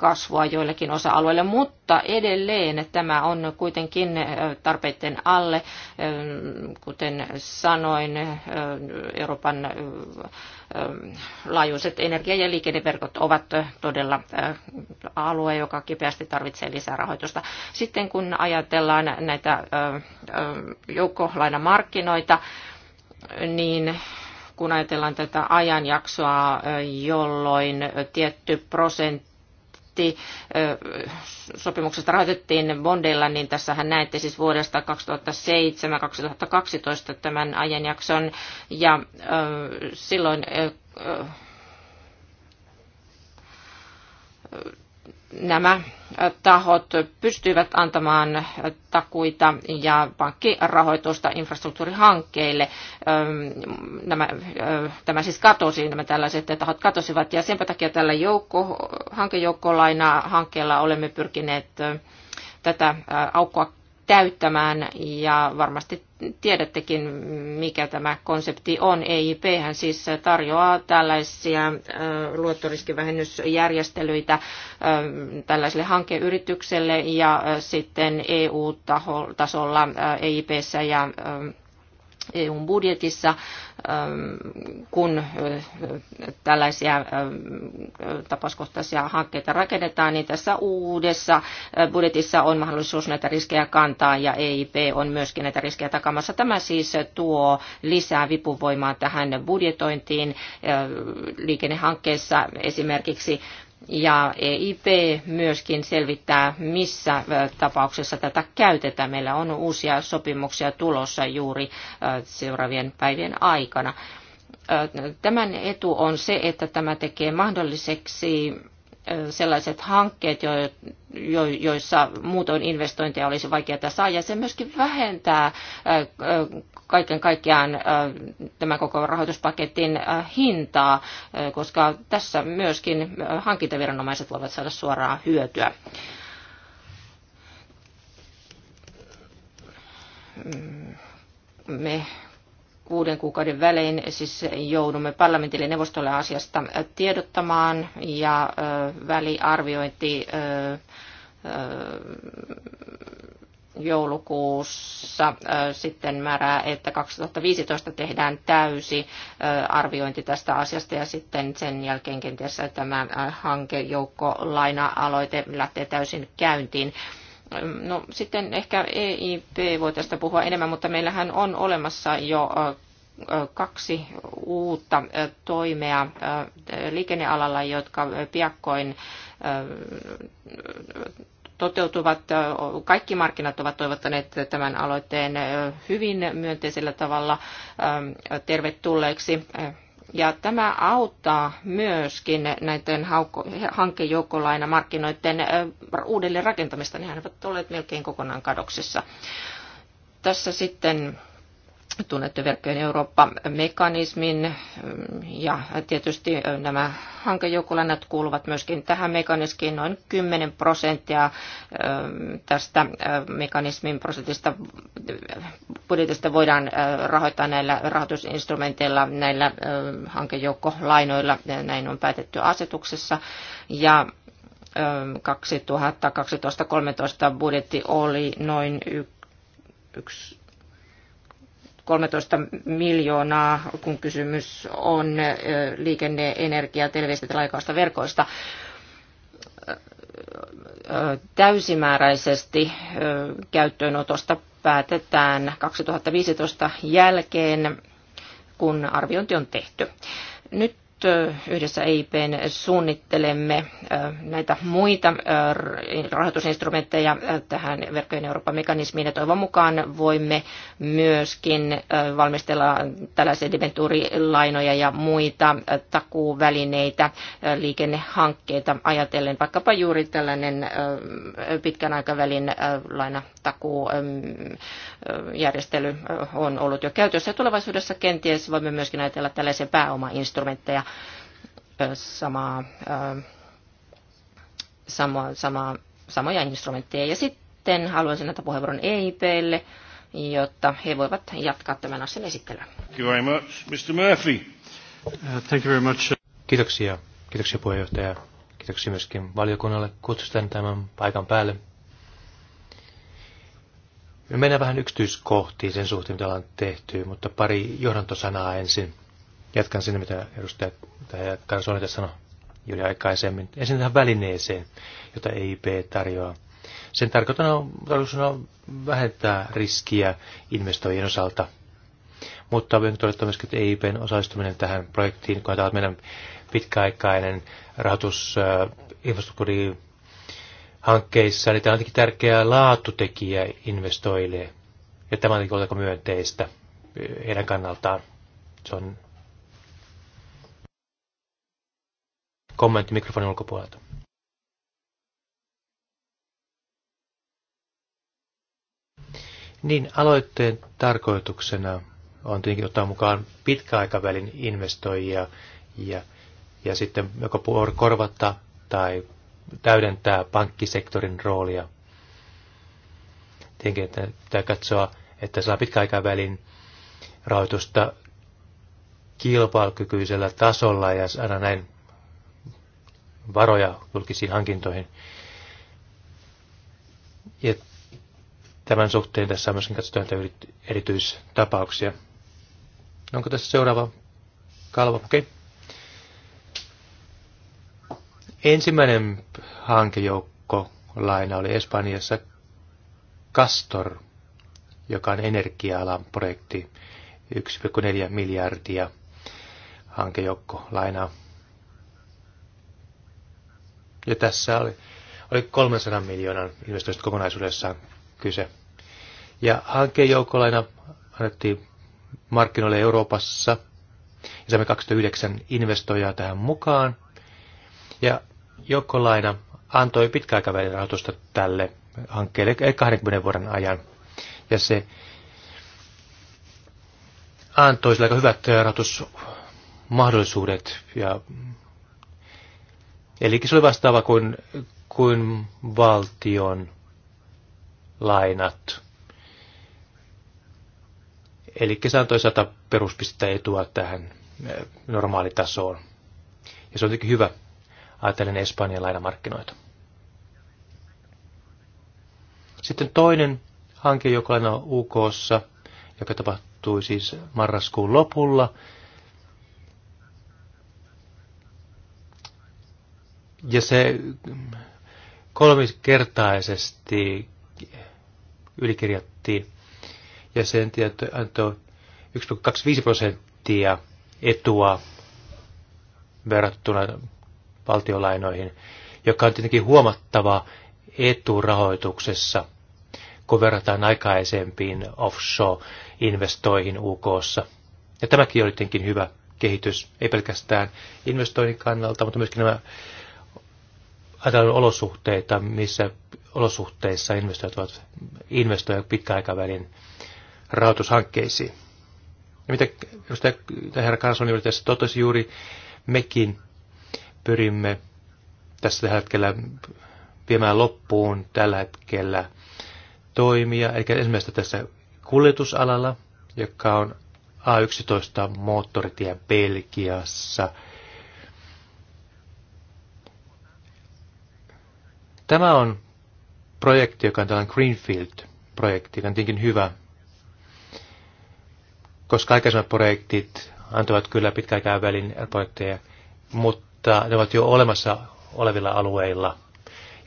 kasvua joillekin osa alueille mutta edelleen tämä on kuitenkin tarpeiden alle, kuten sanoin, Euroopan laajuiset energia- ja liikenneverkot ovat todella alue, joka kipeästi tarvitsee lisää rahoitusta. Sitten kun ajatellaan näitä joukkolainamarkkinoita, niin kun ajatellaan tätä ajanjaksoa, jolloin tietty prosentti budjetti sopimuksesta rahoitettiin bondeilla, niin tässähän näette siis vuodesta 2007-2012 tämän ajanjakson. Ja silloin nämä äh, tahot pystyivät antamaan äh, takuita ja pankkirahoitusta infrastruktuurihankkeille. Ähm, nämä, äh, tämä siis katosi, nämä tällaiset tahot katosivat ja sen takia tällä joukko, hankejoukkolaina hankkeella olemme pyrkineet tätä aukkoa täyttämään ja varmasti tiedättekin, mikä tämä konsepti on. EIP hän siis tarjoaa tällaisia luottoriskivähennysjärjestelyitä tällaiselle hankeyritykselle ja sitten EU-tasolla EIPssä ja EUn budjetissa, ähm, kun äh, tällaisia äh, tapauskohtaisia hankkeita rakennetaan, niin tässä uudessa äh, budjetissa on mahdollisuus näitä riskejä kantaa ja EIP on myöskin näitä riskejä takamassa. Tämä siis tuo lisää vipuvoimaa tähän budjetointiin liikennehankkeessa esimerkiksi ja EIP myöskin selvittää, missä tapauksessa tätä käytetään. Meillä on uusia sopimuksia tulossa juuri seuraavien päivien aikana. Tämän etu on se, että tämä tekee mahdolliseksi sellaiset hankkeet, joissa muutoin investointeja olisi vaikeaa saada, se myöskin vähentää kaiken kaikkiaan tämän koko rahoituspaketin hintaa, koska tässä myöskin hankintaviranomaiset voivat saada suoraa hyötyä. Mm, me kuuden kuukauden välein siis joudumme parlamentille ja neuvostolle asiasta tiedottamaan ja väliarviointi joulukuussa sitten määrää, että 2015 tehdään täysi arviointi tästä asiasta ja sitten sen jälkeen kenties tämä hankejoukko laina-aloite lähtee täysin käyntiin. No sitten ehkä EIP voi tästä puhua enemmän, mutta meillähän on olemassa jo kaksi uutta toimea liikennealalla, jotka piakkoin toteutuvat. Kaikki markkinat ovat toivottaneet tämän aloitteen hyvin myönteisellä tavalla tervetulleeksi. Ja tämä auttaa myöskin näiden hankejoukkolainamarkkinoiden uudelleen rakentamista. Nehän ovat olleet melkein kokonaan kadoksissa. Tässä sitten tunnettu verkkojen Eurooppa-mekanismin ja tietysti nämä hankejoukolennat kuuluvat myöskin tähän mekanismiin. Noin 10 prosenttia tästä mekanismin prosentista budjetista voidaan rahoittaa näillä rahoitusinstrumenteilla, näillä hankejoukkolainoilla. Näin on päätetty asetuksessa. Ja 2012-2013 budjetti oli noin 1 13 miljoonaa, kun kysymys on liikenne-, energia-, televisiosta ja verkoista täysimääräisesti käyttöönotosta päätetään 2015 jälkeen, kun arviointi on tehty. Nyt yhdessä EIPn suunnittelemme näitä muita rahoitusinstrumentteja tähän verkkojen Euroopan mekanismiin ja toivon mukaan voimme myöskin valmistella tällaisia debentuurilainoja ja muita takuvälineitä liikennehankkeita ajatellen vaikkapa juuri tällainen pitkän aikavälin lainatakujärjestely on ollut jo käytössä ja tulevaisuudessa kenties voimme myöskin ajatella tällaisia pääomainstrumentteja Sama sama sama samoja instrumentteja. Ja sitten haluaisin näitä puheenvuoron EIPlle, jotta he voivat jatkaa tämän asian esittelyä. Thank you very much, Mr. Murphy. Uh, thank you very much. Kiitoksia. Kiitoksia puheenjohtaja. Kiitoksia myöskin valiokunnalle kutsusta tämän paikan päälle. Me mennään vähän yksityiskohtiin sen suhteen, mitä ollaan tehty, mutta pari johdantosanaa ensin. Jatkan sinne, mitä edustaja Karsoni tässä sanoi juuri aikaisemmin. Ensin tähän välineeseen, jota EIP tarjoaa. Sen tarkoituksena on vähentää riskiä investoijien osalta. Mutta on todettu myöskin, että EIPn osallistuminen tähän projektiin, kun tämä on meidän pitkäaikainen rahoitus hankkeissa, niin tämä on tietenkin tärkeä laatutekijä investoijille. Ja tämä on tietenkin myönteistä heidän kannaltaan. Se on Kommentti mikrofonin ulkopuolelta. Niin, aloitteen tarkoituksena on tietenkin ottaa mukaan pitkäaikavälin investoijia ja, ja sitten joko korvata tai täydentää pankkisektorin roolia. Tietenkin että pitää katsoa, että saa pitkäaikavälin rahoitusta kilpailukykyisellä tasolla ja saada näin varoja julkisiin hankintoihin. Ja tämän suhteen tässä on myöskin katsottu näitä erityistapauksia. Onko tässä seuraava kalvo? Okay. Ensimmäinen hankejoukko laina oli Espanjassa Castor, joka on energia-alan projekti, 1,4 miljardia hankejoukko lainaa. Ja tässä oli, oli 300 miljoonan investoinnista kokonaisuudessaan kyse. Ja hankkeen joukkolaina annettiin markkinoille Euroopassa. Ja saimme 2009 investoijaa tähän mukaan. Ja joukkolaina antoi pitkäaikavälin rahoitusta tälle hankkeelle 20 vuoden ajan. Ja se antoi sille aika hyvät rahoitusmahdollisuudet ja Eli se oli vastaava kuin, kuin valtion lainat. Eli se antoi 100 peruspistettä etua tähän eh, normaalitasoon. Ja se on tietenkin hyvä ajatellen Espanjan lainamarkkinoita. Sitten toinen hanke, joka on UKssa, joka tapahtui siis marraskuun lopulla, Ja se kolmiskertaisesti ylikirjattiin. Ja sen tieto antoi 1,25 prosenttia etua verrattuna valtiolainoihin, joka on tietenkin huomattava etu rahoituksessa, kun verrataan aikaisempiin offshore-investoihin UKssa. Ja tämäkin oli tietenkin hyvä kehitys, ei pelkästään investoinnin kannalta, mutta myöskin nämä ajatellaan olosuhteita, missä olosuhteissa investoijat ovat investoivat pitkäaikavälin rahoitushankkeisiin. Ja mitä edustaja herra Kansoni tässä totesi juuri, mekin pyrimme tässä tällä hetkellä viemään loppuun tällä hetkellä toimia, eli ensimmäistä tässä kuljetusalalla, joka on A11 moottoritie Belgiassa – Tämä on projekti, joka on tällainen Greenfield-projekti, joka on tietenkin hyvä, koska aikaisemmat projektit antavat kyllä pitkäaikaa välin projekteja, mutta ne ovat jo olemassa olevilla alueilla.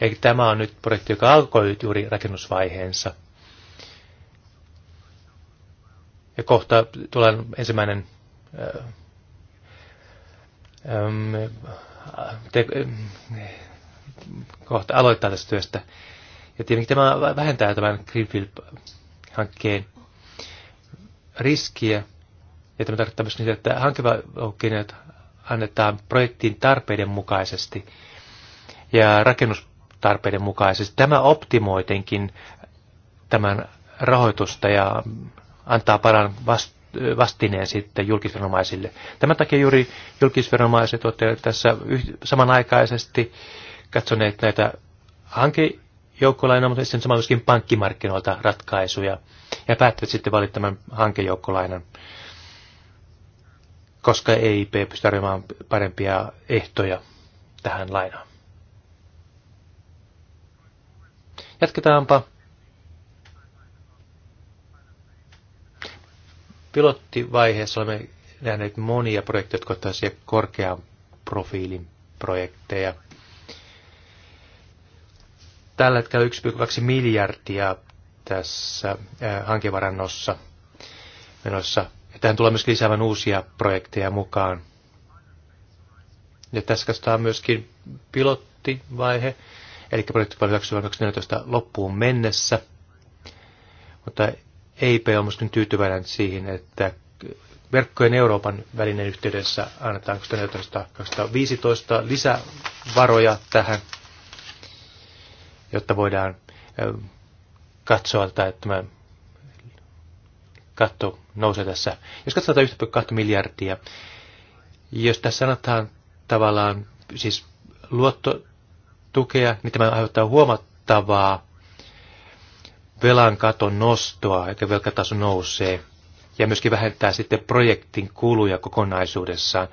Ja tämä on nyt projekti, joka alkoi juuri rakennusvaiheensa. Ja kohta tulee ensimmäinen äh, te, kohta aloittaa tästä työstä. Ja tietenkin tämä vähentää tämän Greenfield-hankkeen riskiä. Ja tämä tarkoittaa myös niitä, että hankevauhkineet annetaan projektin tarpeiden mukaisesti ja rakennustarpeiden mukaisesti. Tämä optimoitenkin tämän rahoitusta ja antaa paran vastineen sitten julkisviranomaisille. Tämän takia juuri julkisviranomaiset ovat tässä samanaikaisesti katsoneet näitä hankejoukkolainoja, mutta sitten samalla myöskin pankkimarkkinoilta ratkaisuja ja päättävät sitten valita tämän hankejoukkolainan, koska EIP pystyy tarjoamaan parempia ehtoja tähän lainaan. Jatketaanpa. Pilottivaiheessa olemme nähneet monia projekteja, jotka ottaisivat korkean profiilin projekteja tällä hetkellä 1,2 miljardia tässä äh, hankevarannossa menossa. Ja tähän tulee myös lisäämään uusia projekteja mukaan. Ja tässä katsotaan myöskin pilottivaihe, eli projekti 2014 loppuun mennessä. Mutta EIP on myöskin tyytyväinen siihen, että verkkojen Euroopan välinen yhteydessä annetaan 2014-2015 lisävaroja tähän – jotta voidaan katsoa, että tämä katto nousee tässä. Jos katsotaan 1,2 miljardia, jos tässä sanotaan tavallaan siis luottotukea, niin tämä aiheuttaa huomattavaa velan katon nostoa, eikä velkataso nousee, ja myöskin vähentää sitten projektin kuluja kokonaisuudessaan.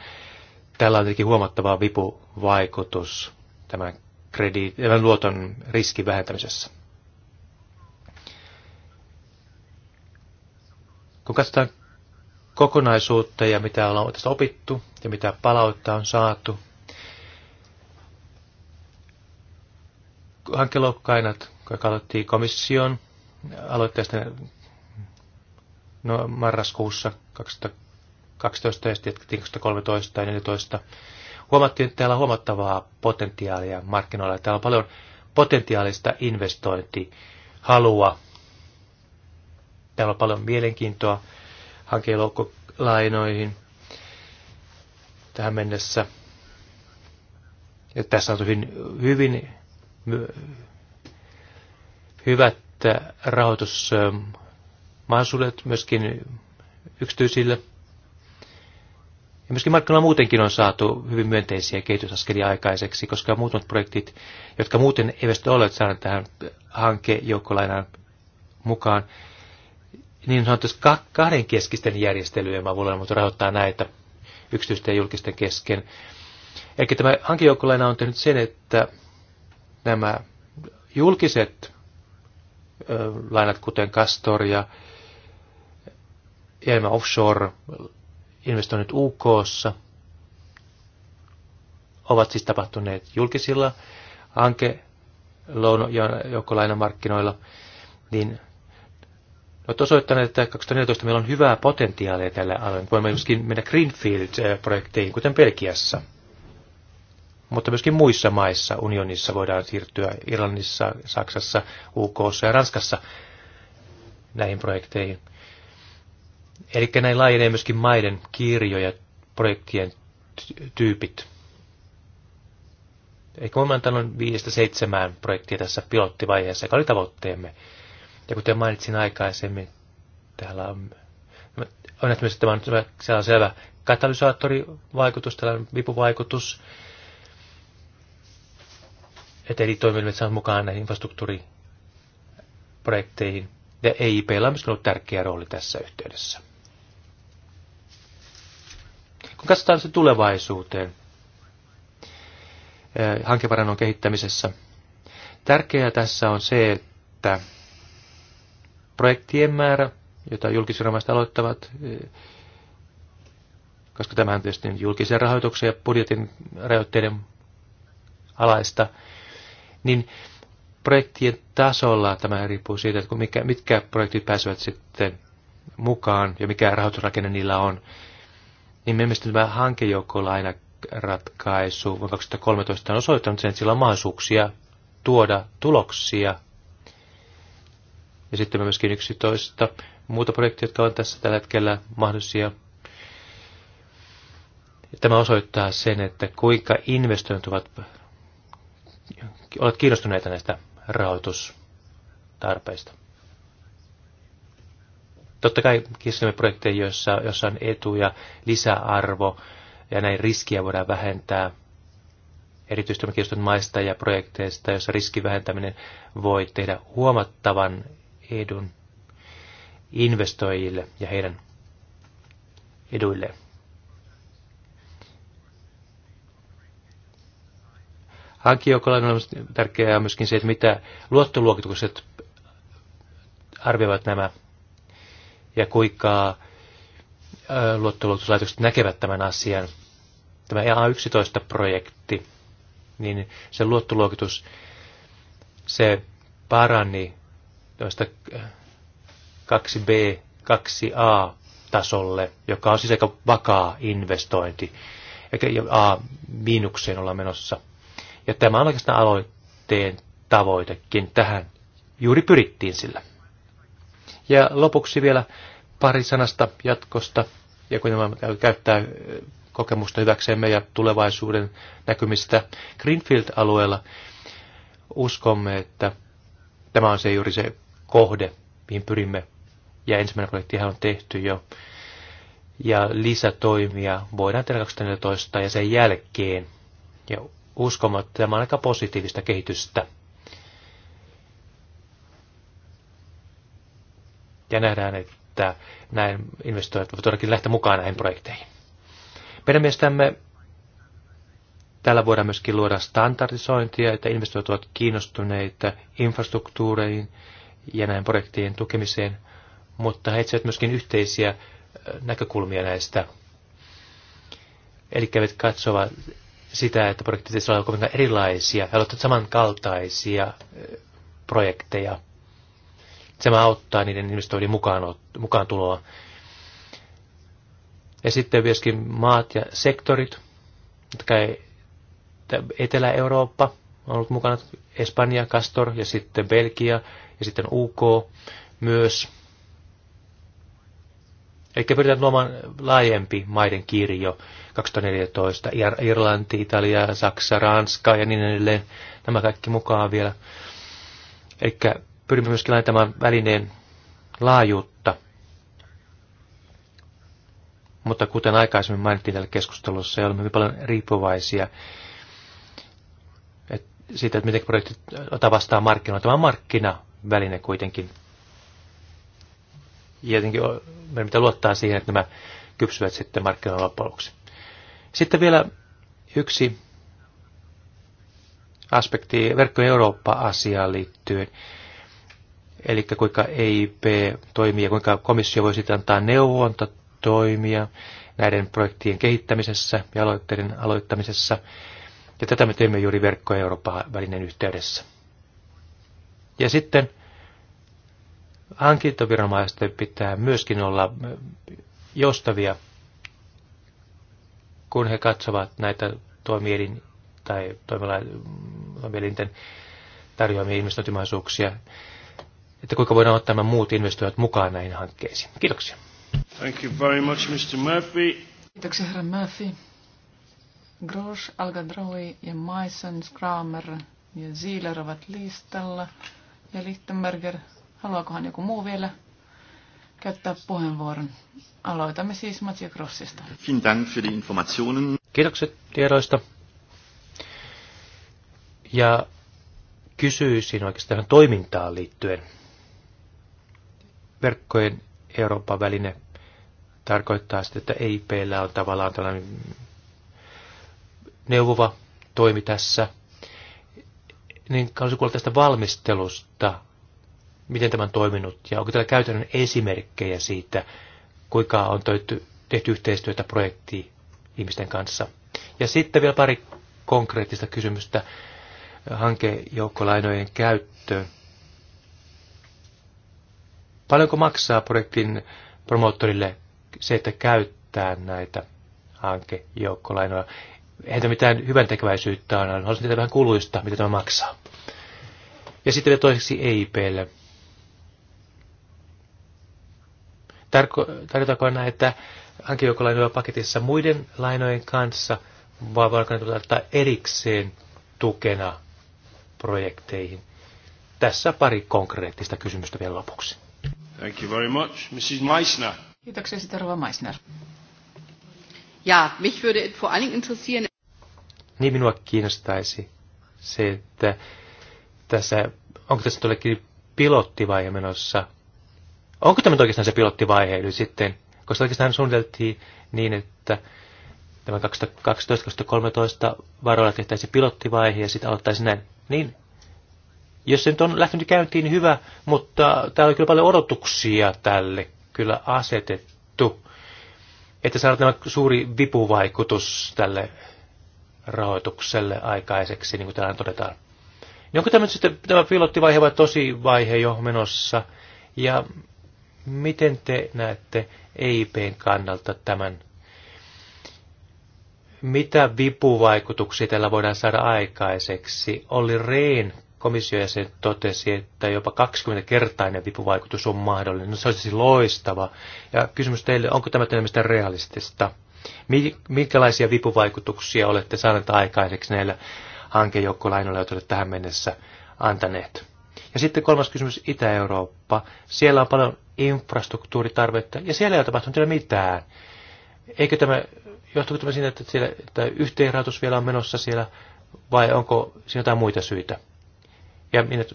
Tällä on tietenkin huomattava vipuvaikutus tämän krediit, äh, luoton riskin vähentämisessä. Kun katsotaan kokonaisuutta ja mitä ollaan tästä opittu ja mitä palautta on saatu, hankeloukkainat, joka aloittiin komission aloitteesta no, marraskuussa 2012 ja 2013 ja 2014, Huomattiin, että täällä on huomattavaa potentiaalia markkinoilla. Täällä on paljon potentiaalista investointihalua. Täällä on paljon mielenkiintoa hankejoukkolainoihin tähän mennessä. Ja tässä on hyvin, hyvin hyvät rahoitusmahdollisuudet myöskin yksityisille ja myöskin markkinoilla muutenkin on saatu hyvin myönteisiä kehitysaskelia aikaiseksi, koska muutamat projektit, jotka muuten eivät ole saaneet tähän hankejoukkolainaan mukaan, niin sanotusti kahden keskisten järjestelyjen avulla mutta rahoittaa näitä yksityisten ja julkisten kesken. Eli tämä hankejoukkolaina on tehnyt sen, että nämä julkiset ö, lainat, kuten Castor ja Elma Offshore, investoinnit UKssa ovat siis tapahtuneet julkisilla hanke ja joukkolainamarkkinoilla, niin olet osoittaneet, että 2014 meillä on hyvää potentiaalia tällä alueella. Voimme myöskin mennä Greenfield-projekteihin, kuten Belgiassa. Mutta myöskin muissa maissa unionissa voidaan siirtyä Irlannissa, Saksassa, UKssa ja Ranskassa näihin projekteihin. Eli näin laajenee myöskin maiden kirjoja, projektien tyypit. Eikä voimme antaa noin viidestä seitsemään projektia tässä pilottivaiheessa, joka oli tavoitteemme. Ja kuten mainitsin aikaisemmin, täällä on, on nähty myös tämä on, on selvä katalysaattorivaikutus, tällainen vipuvaikutus, että eri toimielimet saavat mukaan näihin infrastruktuuriprojekteihin. Ja EIP on myös ollut tärkeä rooli tässä yhteydessä. Kun katsotaan se tulevaisuuteen eh, hankevarannon kehittämisessä, tärkeää tässä on se, että projektien määrä, jota julkisviranomaiset aloittavat, eh, koska tämä on tietysti julkisen rahoituksen ja budjetin rajoitteiden alaista, niin projektien tasolla tämä riippuu siitä, että mitkä, mitkä projektit pääsevät sitten mukaan ja mikä rahoitusrakenne niillä on niin me emme tämä ratkaisu vuonna 2013 on osoittanut sen, että sillä on mahdollisuuksia tuoda tuloksia. Ja sitten me myöskin yksi toista muuta projektia, jotka on tässä tällä hetkellä mahdollisia. Tämä osoittaa sen, että kuinka investoinnit ovat, olet kiinnostuneita näistä rahoitustarpeista. Totta kai keskitymme projekteja, joissa, joissa on etu ja lisäarvo, ja näin riskiä voidaan vähentää. Erityisesti me kiinnostuneet maista ja projekteista, joissa riskin vähentäminen voi tehdä huomattavan edun investoijille ja heidän eduilleen. Hankijoukolla on tärkeää myöskin se, että mitä luottoluokitukset arvioivat nämä ja kuinka luottoluotuslaitokset näkevät tämän asian. Tämä EA11-projekti, niin se luottoluokitus, se parani tästä 2B, 2A tasolle, joka on siis aika vakaa investointi. Eikä A miinukseen olla menossa. Ja tämä on oikeastaan aloitteen tavoitekin tähän. Juuri pyrittiin sillä. Ja lopuksi vielä pari sanasta jatkosta, ja kun nämä käyttää kokemusta hyväksemme ja tulevaisuuden näkymistä Greenfield-alueella, uskomme, että tämä on se juuri se kohde, mihin pyrimme. Ja ensimmäinen projekti on tehty jo. Ja lisätoimia voidaan tehdä 2014 ja sen jälkeen. Ja että tämä on aika positiivista kehitystä. ja nähdään, että näin investoijat voivat todellakin lähteä mukaan näihin projekteihin. Meidän mielestämme Tällä voidaan myöskin luoda standardisointia, että investoijat ovat kiinnostuneita infrastruktuureihin ja näin projektien tukemiseen, mutta he etsivät myöskin yhteisiä näkökulmia näistä. Eli kävit katsovat sitä, että projektit ole kovinkaan erilaisia, he ovat samankaltaisia projekteja. Tämä auttaa niiden investoinnin mukaan, mukaan tuloa. Ja sitten myöskin maat ja sektorit, jotka ei, Etelä-Eurooppa on ollut mukana, Espanja, Castor ja sitten Belgia ja sitten UK myös. Eli pyritään luomaan laajempi maiden kirjo 2014, Irlanti, Italia, Saksa, Ranska ja niin edelleen, nämä kaikki mukaan vielä. Eli Pyrimme myöskin laittamaan välineen laajuutta. Mutta kuten aikaisemmin mainittiin tällä keskustelussa, ja olemme hyvin paljon riippuvaisia et siitä, että miten projektit ottaa vastaan markkinoita. Tämä on markkinaväline kuitenkin. Ja jotenkin meidän pitää luottaa siihen, että nämä kypsyvät sitten markkinoilla loppujen Sitten vielä yksi aspekti verkko Eurooppa-asiaan liittyen eli kuinka EIP toimii ja kuinka komissio voi sitten antaa neuvonta toimia näiden projektien kehittämisessä ja aloitteiden aloittamisessa. Ja tätä me teemme juuri verkko Euroopan välinen yhteydessä. Ja sitten hankintoviranomaisten pitää myöskin olla joustavia, kun he katsovat näitä toimielin tai toimielinten tarjoamia investointimahdollisuuksia että kuinka voidaan ottaa nämä muut investoijat mukaan näihin hankkeisiin. Kiitoksia. Thank you very much, Mr. Murphy. Kiitoksia, herra Murphy. Grosch, Algadroi ja Maisen, Kramer ja Ziller ovat listalla. Ja Lichtenberger, haluaakohan joku muu vielä käyttää puheenvuoron? Aloitamme siis Matsi Grossista. Kiitokset tiedoista. Ja kysyisin oikeastaan toimintaan liittyen verkkojen Euroopan väline tarkoittaa sitä, että EIPllä on tavallaan tällainen neuvova toimi tässä. Niin haluaisin kuulla tästä valmistelusta, miten tämä on toiminut ja onko täällä käytännön esimerkkejä siitä, kuinka on tehty, tehty yhteistyötä projekti ihmisten kanssa. Ja sitten vielä pari konkreettista kysymystä hankejoukkolainojen käyttöön. Paljonko maksaa projektin promoottorille se, että käyttää näitä hankejoukkolainoja? Heitä mitään hyvän tekeväisyyttä on, haluaisin tietää vähän kuluista, mitä tämä maksaa. Ja sitten vielä toiseksi EIPlle. Tarko- tarjotaanko näitä hankejoukkolainoja paketissa muiden lainojen kanssa, vai voidaanko ne tuottaa erikseen tukena projekteihin? Tässä pari konkreettista kysymystä vielä lopuksi. Thank you very much. Mrs. Meissner. Kiitoksia, Sitarova Meissner. Ja, mich würde vor allen Dingen interessieren... Niin minua kiinnostaisi se, että tässä, onko tässä tuollekin pilottivaihe menossa? Onko tämä oikeastaan se pilottivaihe, eli sitten, koska oikeastaan suunniteltiin niin, että tämä 2012-2013 varoilla tehtäisiin pilottivaihe ja sitten aloittaisi näin. Niin, jos se nyt on lähtenyt käyntiin, niin hyvä, mutta täällä on kyllä paljon odotuksia tälle kyllä asetettu, että saadaan tämä suuri vipuvaikutus tälle rahoitukselle aikaiseksi, niin kuin täällä todetaan. Niin onko tämä nyt sitten tämä pilottivaihe vai tosi vaihe jo menossa? Ja miten te näette EIPn kannalta tämän? Mitä vipuvaikutuksia tällä voidaan saada aikaiseksi? Olli Rehn Komissio ja se totesi, että jopa 20-kertainen vipuvaikutus on mahdollinen. No, se olisi siis loistava. Ja kysymys teille, onko tämä tämmöistä realistista? Minkälaisia vipuvaikutuksia olette saaneet aikaiseksi näillä hankejoukkolainoilla, joita olette tähän mennessä antaneet? Ja sitten kolmas kysymys, Itä-Eurooppa. Siellä on paljon infrastruktuuritarvetta, ja siellä ei ole tapahtunut vielä mitään. Eikö tämä, johtuuko tämä siitä, että, siellä, että yhteenrahoitus vielä on menossa siellä, vai onko siinä jotain muita syitä? Ja minä,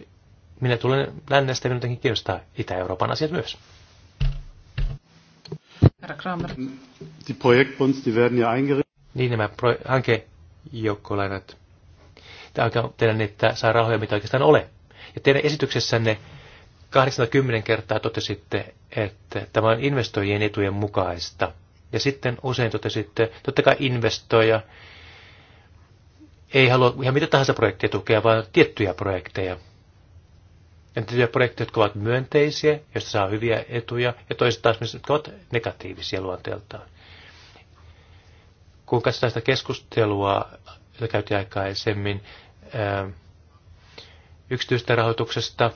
minä tulen lännestä ja kiinnostaa Itä-Euroopan asiat myös. Herra Kramer. Die Projektbonds, die werden ja eingerichtet. Niin nämä hankejoukkolainat. Tämä on teidän, että saa rahoja, mitä oikeastaan ole. Ja teidän esityksessänne 810 kertaa totesitte, että tämä on investoijien etujen mukaista. Ja sitten usein totesitte, totta kai investoija ei halua ihan mitä tahansa projekteja tukea, vaan tiettyjä projekteja. Ja tiettyjä projekteja, jotka ovat myönteisiä, joista saa hyviä etuja, ja toiset taas, jotka ovat negatiivisia luonteeltaan. Kun katsotaan sitä keskustelua, jota käytiin aikaisemmin, yksityistä rahoituksesta,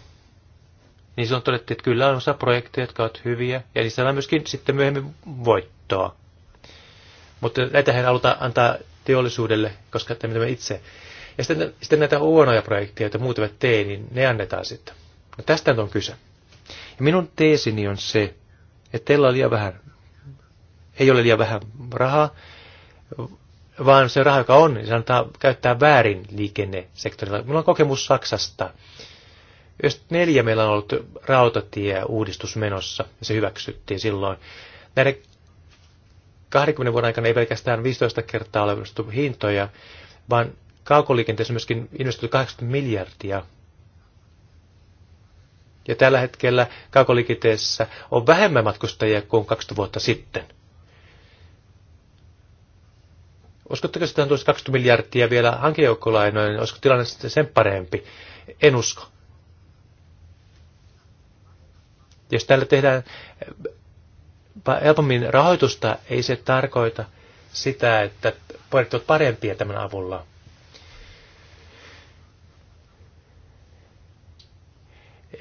niin silloin todettiin, että kyllä on osa projekteja, jotka ovat hyviä, ja niissä on myöskin sitten myöhemmin voittoa. Mutta näitähän halutaan antaa teollisuudelle, koska mitä me itse. Ja sitten, sitten näitä huonoja projekteja, joita muut eivät tee, niin ne annetaan sitten. No tästä on kyse. Ja minun teesini on se, että teillä on liian vähän, ei ole liian vähän rahaa, vaan se raha, joka on, niin se antaa käyttää väärin liikennesektorilla. Minulla on kokemus Saksasta. Jos neljä meillä on ollut rautatieuudistus menossa, ja se hyväksyttiin silloin. Näiden 20 vuoden aikana ei pelkästään 15 kertaa ole nostettu hintoja, vaan kaukoliikenteessä myöskin investoitu 80 miljardia. Ja tällä hetkellä kaukoliikenteessä on vähemmän matkustajia kuin 20 vuotta sitten. Uskotteko, että tulisi 20 miljardia vielä hankejoukkolainoin? Olisiko tilanne sitten sen parempi? En usko. Jos täällä tehdään helpommin rahoitusta ei se tarkoita sitä, että projektit ovat parempia tämän avulla.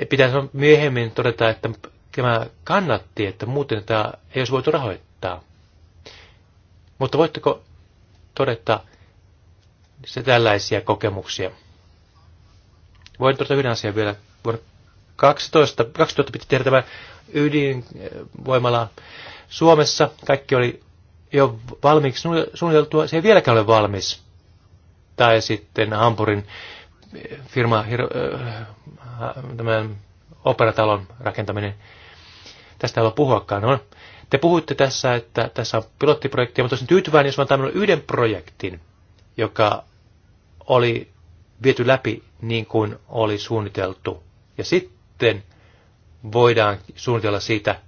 Pitäisi myöhemmin todeta, että tämä kannatti, että muuten tämä ei olisi voitu rahoittaa. Mutta voitteko todeta se tällaisia kokemuksia? Voin todeta yhden asian vielä. Vuonna 12, 2000 piti tehdä tämä ydinvoimala Suomessa. Kaikki oli jo valmiiksi suunniteltua, se ei vieläkään ole valmis. Tai sitten Hampurin eh, firma, eh, tämän operatalon rakentaminen. Tästä ei ole puhuakaan. No, te puhuitte tässä, että tässä on pilottiprojekti, mutta olisin tyytyväinen, jos olen tämmöinen yhden projektin, joka oli viety läpi niin kuin oli suunniteltu. Ja sitten voidaan suunnitella siitä,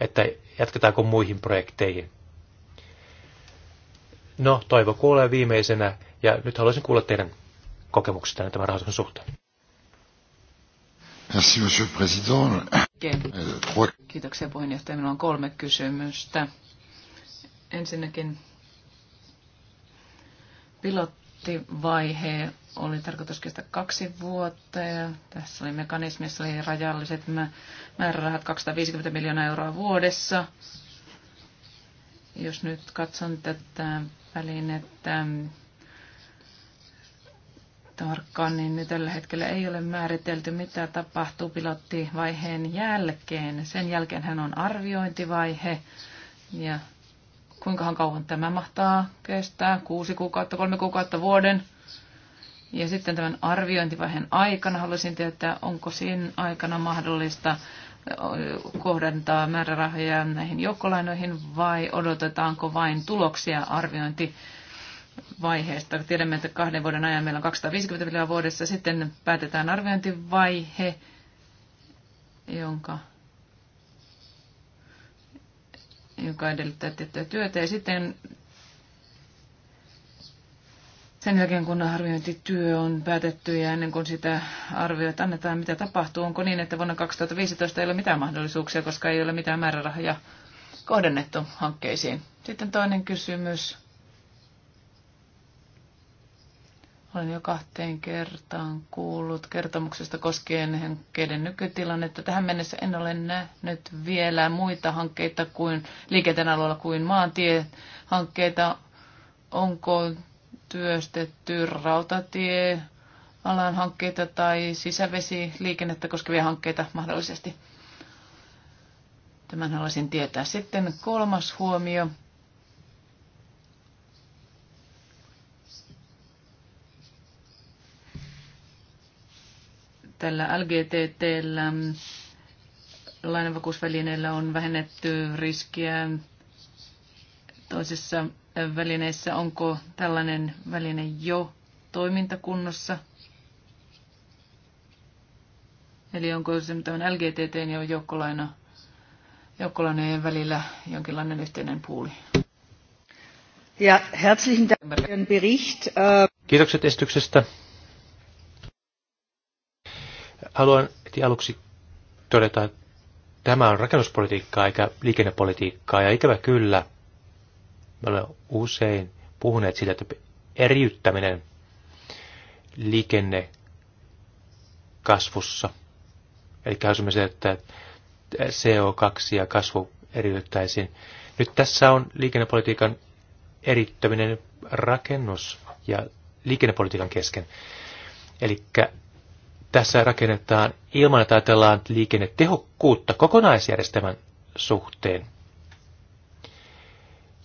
että jatketaanko muihin projekteihin. No, Toivo kuulee viimeisenä, ja nyt haluaisin kuulla teidän kokemuksistanne tämän rahoituksen suhteen. Merci, monsieur président. Euh, Kiitoksia puheenjohtaja. Minulla on kolme kysymystä. Ensinnäkin pilot pilottivaihe oli tarkoitus kestää kaksi vuotta ja tässä oli mekanismissa oli rajalliset määrärahat 250 miljoonaa euroa vuodessa. Jos nyt katson tätä välinettä tarkkaan, niin nyt tällä hetkellä ei ole määritelty, mitä tapahtuu pilottivaiheen jälkeen. Sen jälkeen hän on arviointivaihe ja Kuinkahan kauan tämä mahtaa kestää? Kuusi kuukautta, kolme kuukautta, vuoden? Ja sitten tämän arviointivaiheen aikana haluaisin tietää, onko siinä aikana mahdollista kohdentaa määrärahoja näihin joukkolainoihin vai odotetaanko vain tuloksia arviointivaiheesta. Tiedämme, että kahden vuoden ajan meillä on 250 miljoonaa vuodessa, sitten päätetään arviointivaihe, jonka joka edellyttää tiettyä työtä. Ja sitten sen jälkeen, kun arviointityö on päätetty ja ennen kuin sitä arvioita annetaan, mitä tapahtuu, onko niin, että vuonna 2015 ei ole mitään mahdollisuuksia, koska ei ole mitään määrärahoja kohdennettu hankkeisiin. Sitten toinen kysymys Olen jo kahteen kertaan kuullut kertomuksesta koskien hankkeiden nykytilannetta. Tähän mennessä en ole nähnyt vielä muita hankkeita kuin liikenteen alueella kuin maantiehankkeita. Onko työstetty rautatie alan hankkeita tai sisävesiliikennettä koskevia hankkeita mahdollisesti? Tämän haluaisin tietää. Sitten kolmas huomio Tällä LGTTllä mm, lainavakuusvälineellä on vähennetty riskiä toisessa äh, välineessä. Onko tällainen väline jo toimintakunnossa? Eli onko se tämän LGTT ja joukkolaina, joukkolainojen välillä jonkinlainen yhteinen puuli? Ja herzlichen Dank Bericht. Äh, Kiitokset esityksestä. Haluan heti aluksi todeta, että tämä on rakennuspolitiikkaa eikä liikennepolitiikkaa. Ja ikävä kyllä, me olemme usein puhuneet siitä, että eriyttäminen liikennekasvussa Eli halusimme se, että CO2 ja kasvu eriyttäisiin. Nyt tässä on liikennepolitiikan erittäminen rakennus- ja liikennepolitiikan kesken. Eli tässä rakennetaan ilman, että ajatellaan liikennetehokkuutta kokonaisjärjestelmän suhteen.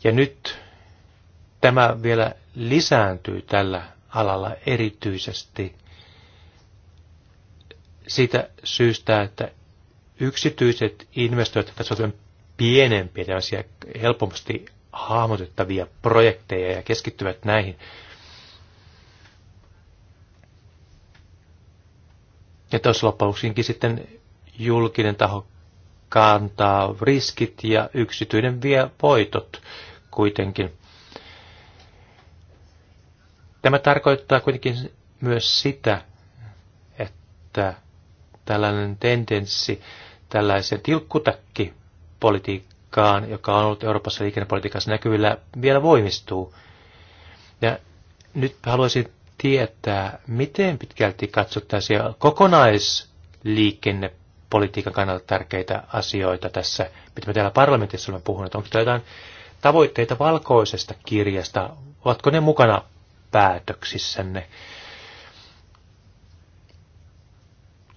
Ja nyt tämä vielä lisääntyy tällä alalla erityisesti siitä syystä, että yksityiset investoijat tässä on pienempiä, tämmöisiä helposti hahmotettavia projekteja ja keskittyvät näihin Ja tuossa loppuksiinkin sitten julkinen taho kantaa riskit ja yksityinen vie voitot kuitenkin. Tämä tarkoittaa kuitenkin myös sitä, että tällainen tendenssi tällaiseen tilkkutäkkipolitiikkaan, joka on ollut Euroopassa liikennepolitiikassa näkyvillä, vielä voimistuu. Ja nyt haluaisin tietää, miten pitkälti katsottaisiin kokonaisliikennepolitiikan kannalta tärkeitä asioita tässä, mitä me täällä parlamentissa olemme puhuneet. Onko teillä jotain tavoitteita valkoisesta kirjasta? Ovatko ne mukana päätöksissänne?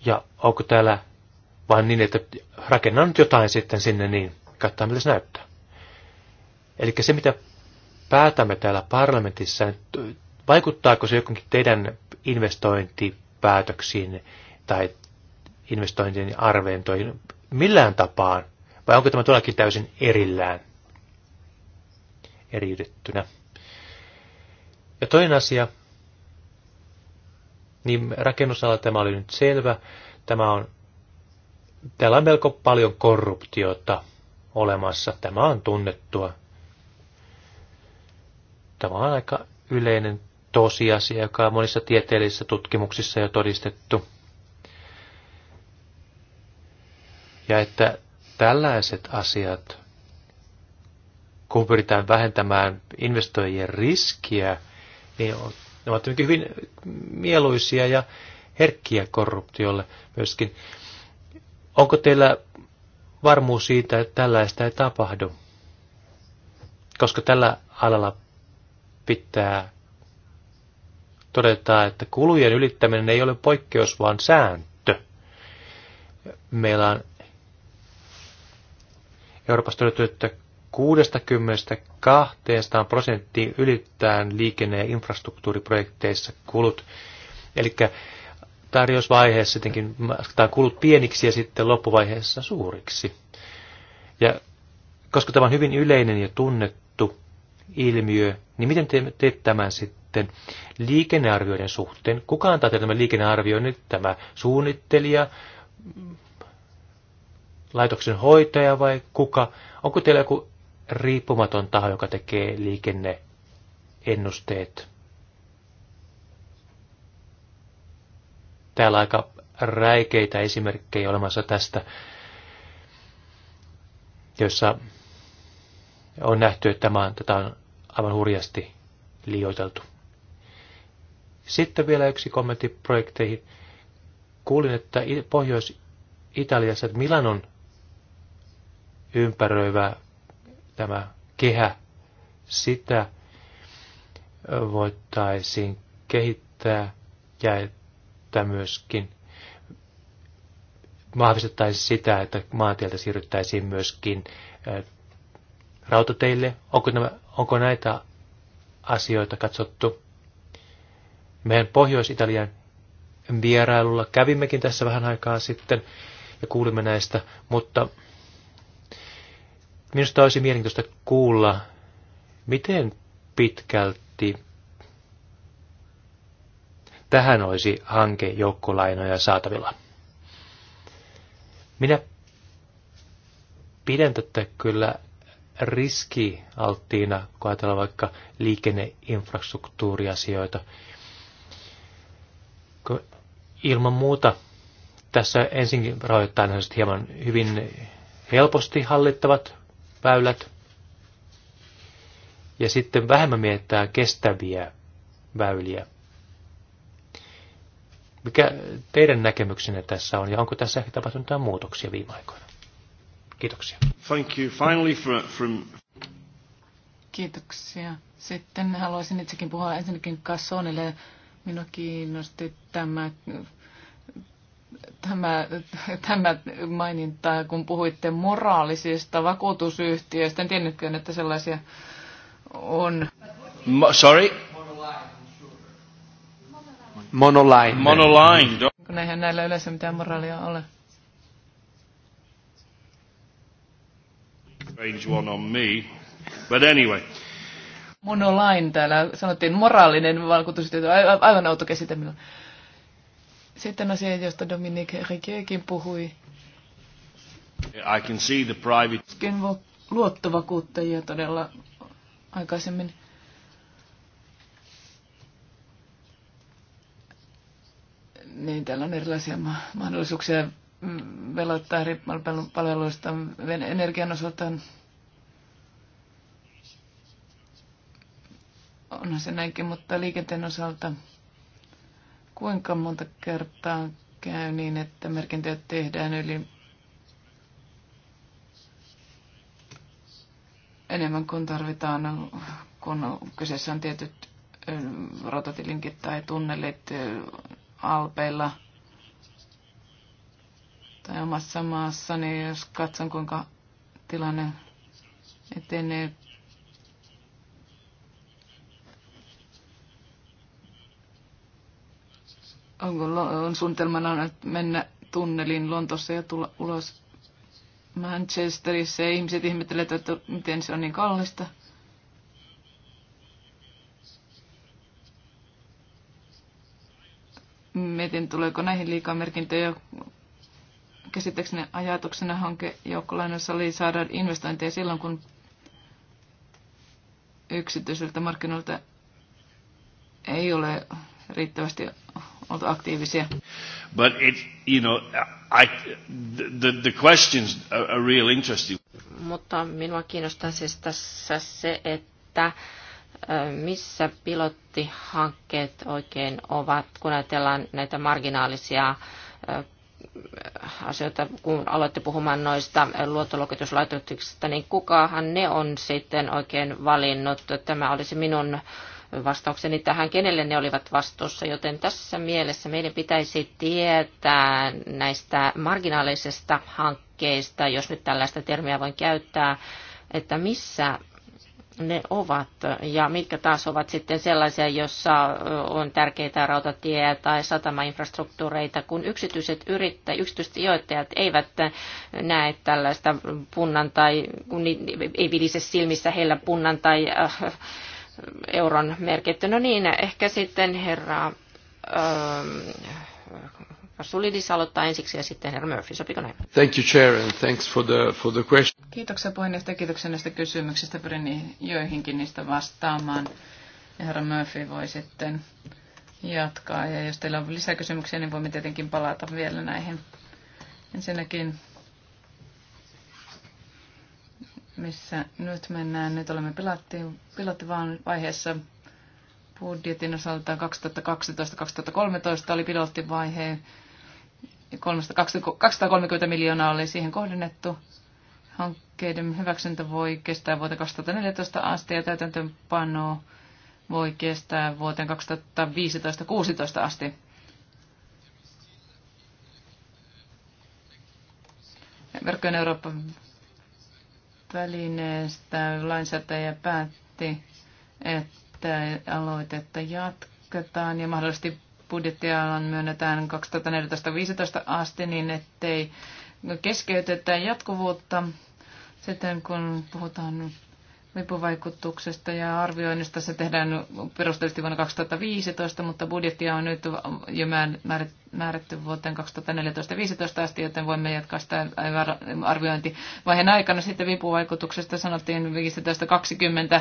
Ja onko täällä vain niin, että rakennan nyt jotain sitten sinne, niin katsotaan miltä se näyttää. Eli se, mitä päätämme täällä parlamentissa, vaikuttaako se jokin teidän investointipäätöksiin tai investointien arventoihin millään tapaa, vai onko tämä todellakin täysin erillään, eriytettynä? Ja toinen asia, niin rakennusala tämä oli nyt selvä. Tämä on, täällä on melko paljon korruptiota olemassa. Tämä on tunnettua. Tämä on aika yleinen tosiasia, joka on monissa tieteellisissä tutkimuksissa jo todistettu. Ja että tällaiset asiat, kun pyritään vähentämään investoijien riskiä, niin ne ovat hyvin mieluisia ja herkkiä korruptiolle myöskin. Onko teillä varmuus siitä, että tällaista ei tapahdu? Koska tällä alalla pitää todetaan, että kulujen ylittäminen ei ole poikkeus, vaan sääntö. Meillä on Euroopassa todettu, että 60-200 prosenttia ylittään liikenne- ja infrastruktuuriprojekteissa kulut. Eli tarjousvaiheessa jotenkin kulut pieniksi ja sitten loppuvaiheessa suuriksi. Ja koska tämä on hyvin yleinen ja tunnettu ilmiö, niin miten te teet tämän sitten? sitten liikennearvioiden suhteen. Kuka antaa teille tämän liikennearvioinnin? Tämä suunnittelija, laitoksen hoitaja vai kuka? Onko teillä joku riippumaton taho, joka tekee liikenneennusteet? Täällä aika räikeitä esimerkkejä olemassa tästä, jossa on nähty, että tämä on, tätä on aivan hurjasti liioiteltu. Sitten vielä yksi kommentti projekteihin. Kuulin, että Pohjois-Italiassa, että Milanon ympäröivä tämä kehä, sitä voitaisiin kehittää ja että myöskin vahvistettaisiin sitä, että maantieltä siirryttäisiin myöskin rautateille. Onko, nämä, onko näitä asioita katsottu? Meidän Pohjois-Italian vierailulla kävimmekin tässä vähän aikaa sitten ja kuulimme näistä, mutta minusta olisi mielenkiintoista kuulla, miten pitkälti tähän olisi hanke joukkolainoja saatavilla. Minä pidän tätä kyllä riskialttiina, kun ajatellaan vaikka liikenneinfrastruktuuriasioita. Ilman muuta tässä ensin rahoitetaan hieman hyvin helposti hallittavat väylät. Ja sitten vähemmän mietitään kestäviä väyliä. Mikä teidän näkemyksenne tässä on ja onko tässä ehkä tapahtunut jotain muutoksia viime aikoina? Kiitoksia. Thank you. Finally for, from... Kiitoksia. Sitten haluaisin itsekin puhua ensinnäkin Kassonille Minua kiinnosti tämä, tämä, tämä maininta, kun puhuitte moraalisista vakuutusyhtiöistä. En tiennytkö, että sellaisia on. Mo- sorry? Monoline. Monoline. Kun eihän näillä yleensä mitään moraalia ole. Strange one on me. But anyway. Monolain täällä sanottiin moraalinen on aivan outo käsite minulla. Sitten asia, josta Dominique Riquetkin puhui. I can see the private... Luottovakuuttajia todella aikaisemmin. Niin, täällä on erilaisia mahdollisuuksia mm, velottaa eri palveluista energian osalta onhan se näinkin, mutta liikenteen osalta kuinka monta kertaa käy niin, että merkintöjä tehdään yli enemmän kuin tarvitaan, kun kyseessä on tietyt rototilinkit tai tunnelit alpeilla tai omassa maassa, niin jos katson kuinka tilanne etenee Onko on suunnitelmana mennä tunnelin Lontossa ja tulla ulos Manchesterissa ja ihmiset ihmettelevät, että miten se on niin kallista. Mietin, tuleeko näihin liikaa merkintöjä. Käsittääkseni ajatuksena hanke joukkolainossa oli saada investointeja silloin, kun yksityisiltä markkinoilta ei ole riittävästi oltu aktiivisia. But it, you know, I, the, the questions are, real interesting. Mutta minua kiinnostaa siis tässä se, että missä pilottihankkeet oikein ovat, kun ajatellaan näitä marginaalisia asioita, kun aloitte puhumaan noista luottoluokituslaitoksista, niin kukahan ne on sitten oikein valinnut? Tämä olisi minun vastaukseni tähän, kenelle ne olivat vastuussa, joten tässä mielessä meidän pitäisi tietää näistä marginaalisista hankkeista, jos nyt tällaista termiä voin käyttää, että missä ne ovat ja mitkä taas ovat sitten sellaisia, joissa on tärkeitä rautatie- tai satamainfrastruktuureita, kun yksityiset yrittäjät, yksityiset sijoittajat eivät näe tällaista punnan tai, kun ei vilise silmissä heillä punnan tai äh, euron merkitty. No niin, ehkä sitten herra ähm, Vasulidis aloittaa ensiksi ja sitten herra Murphy. Sopiko näin? Thank you, Chair, and thanks for the, for the question. Kiitoksia puheenjohtaja, kiitoksia näistä kysymyksistä. Pyrin joihinkin niistä vastaamaan. Ja herra Murphy voi sitten jatkaa. Ja jos teillä on lisäkysymyksiä, niin voimme tietenkin palata vielä näihin. Ensinnäkin missä nyt mennään. Nyt olemme pilottivaiheessa budjetin osalta 2012-2013 oli pilottivaihe. 230 miljoonaa oli siihen kohdennettu. Hankkeiden hyväksyntä voi kestää vuoteen 2014 asti ja täytäntöönpano voi kestää vuoteen 2015-2016 asti. Verkkojen Euroopan välineestä lainsäätäjä päätti, että aloitetta jatketaan ja mahdollisesti budjettialan myönnetään 2014-2015 asti niin, ettei keskeytetä jatkuvuutta sitten kun puhutaan vipuvaikutuksesta ja arvioinnista. Se tehdään perusteellisesti vuonna 2015, mutta budjettia on nyt jo määrätty vuoteen 2014-2015 asti, joten voimme jatkaa sitä arviointivaiheen aikana. Sitten vipuvaikutuksesta sanottiin 15-20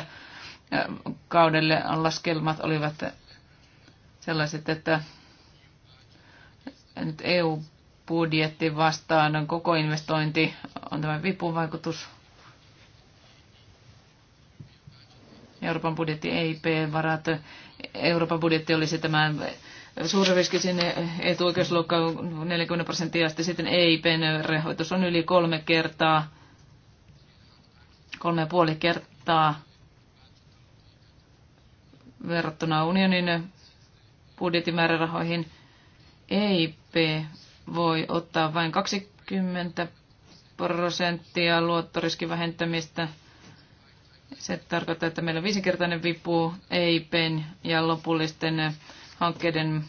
kaudelle laskelmat olivat sellaiset, että nyt EU-budjetti vastaan koko investointi on tämä vipuvaikutus vaikutus Euroopan budjetti, EIP-varat. Euroopan budjetti olisi tämä suuri riski sinne etuoikeusluokkaan 40 prosenttia, asti sitten EIP-rehoitus on yli kolme kertaa, kolme ja puoli kertaa verrattuna unionin budjettimäärärahoihin. EIP voi ottaa vain 20 prosenttia luottoriskivähentämistä. vähentämistä – se tarkoittaa, että meillä on viisinkertainen vipu EIPen ja lopullisten hankkeiden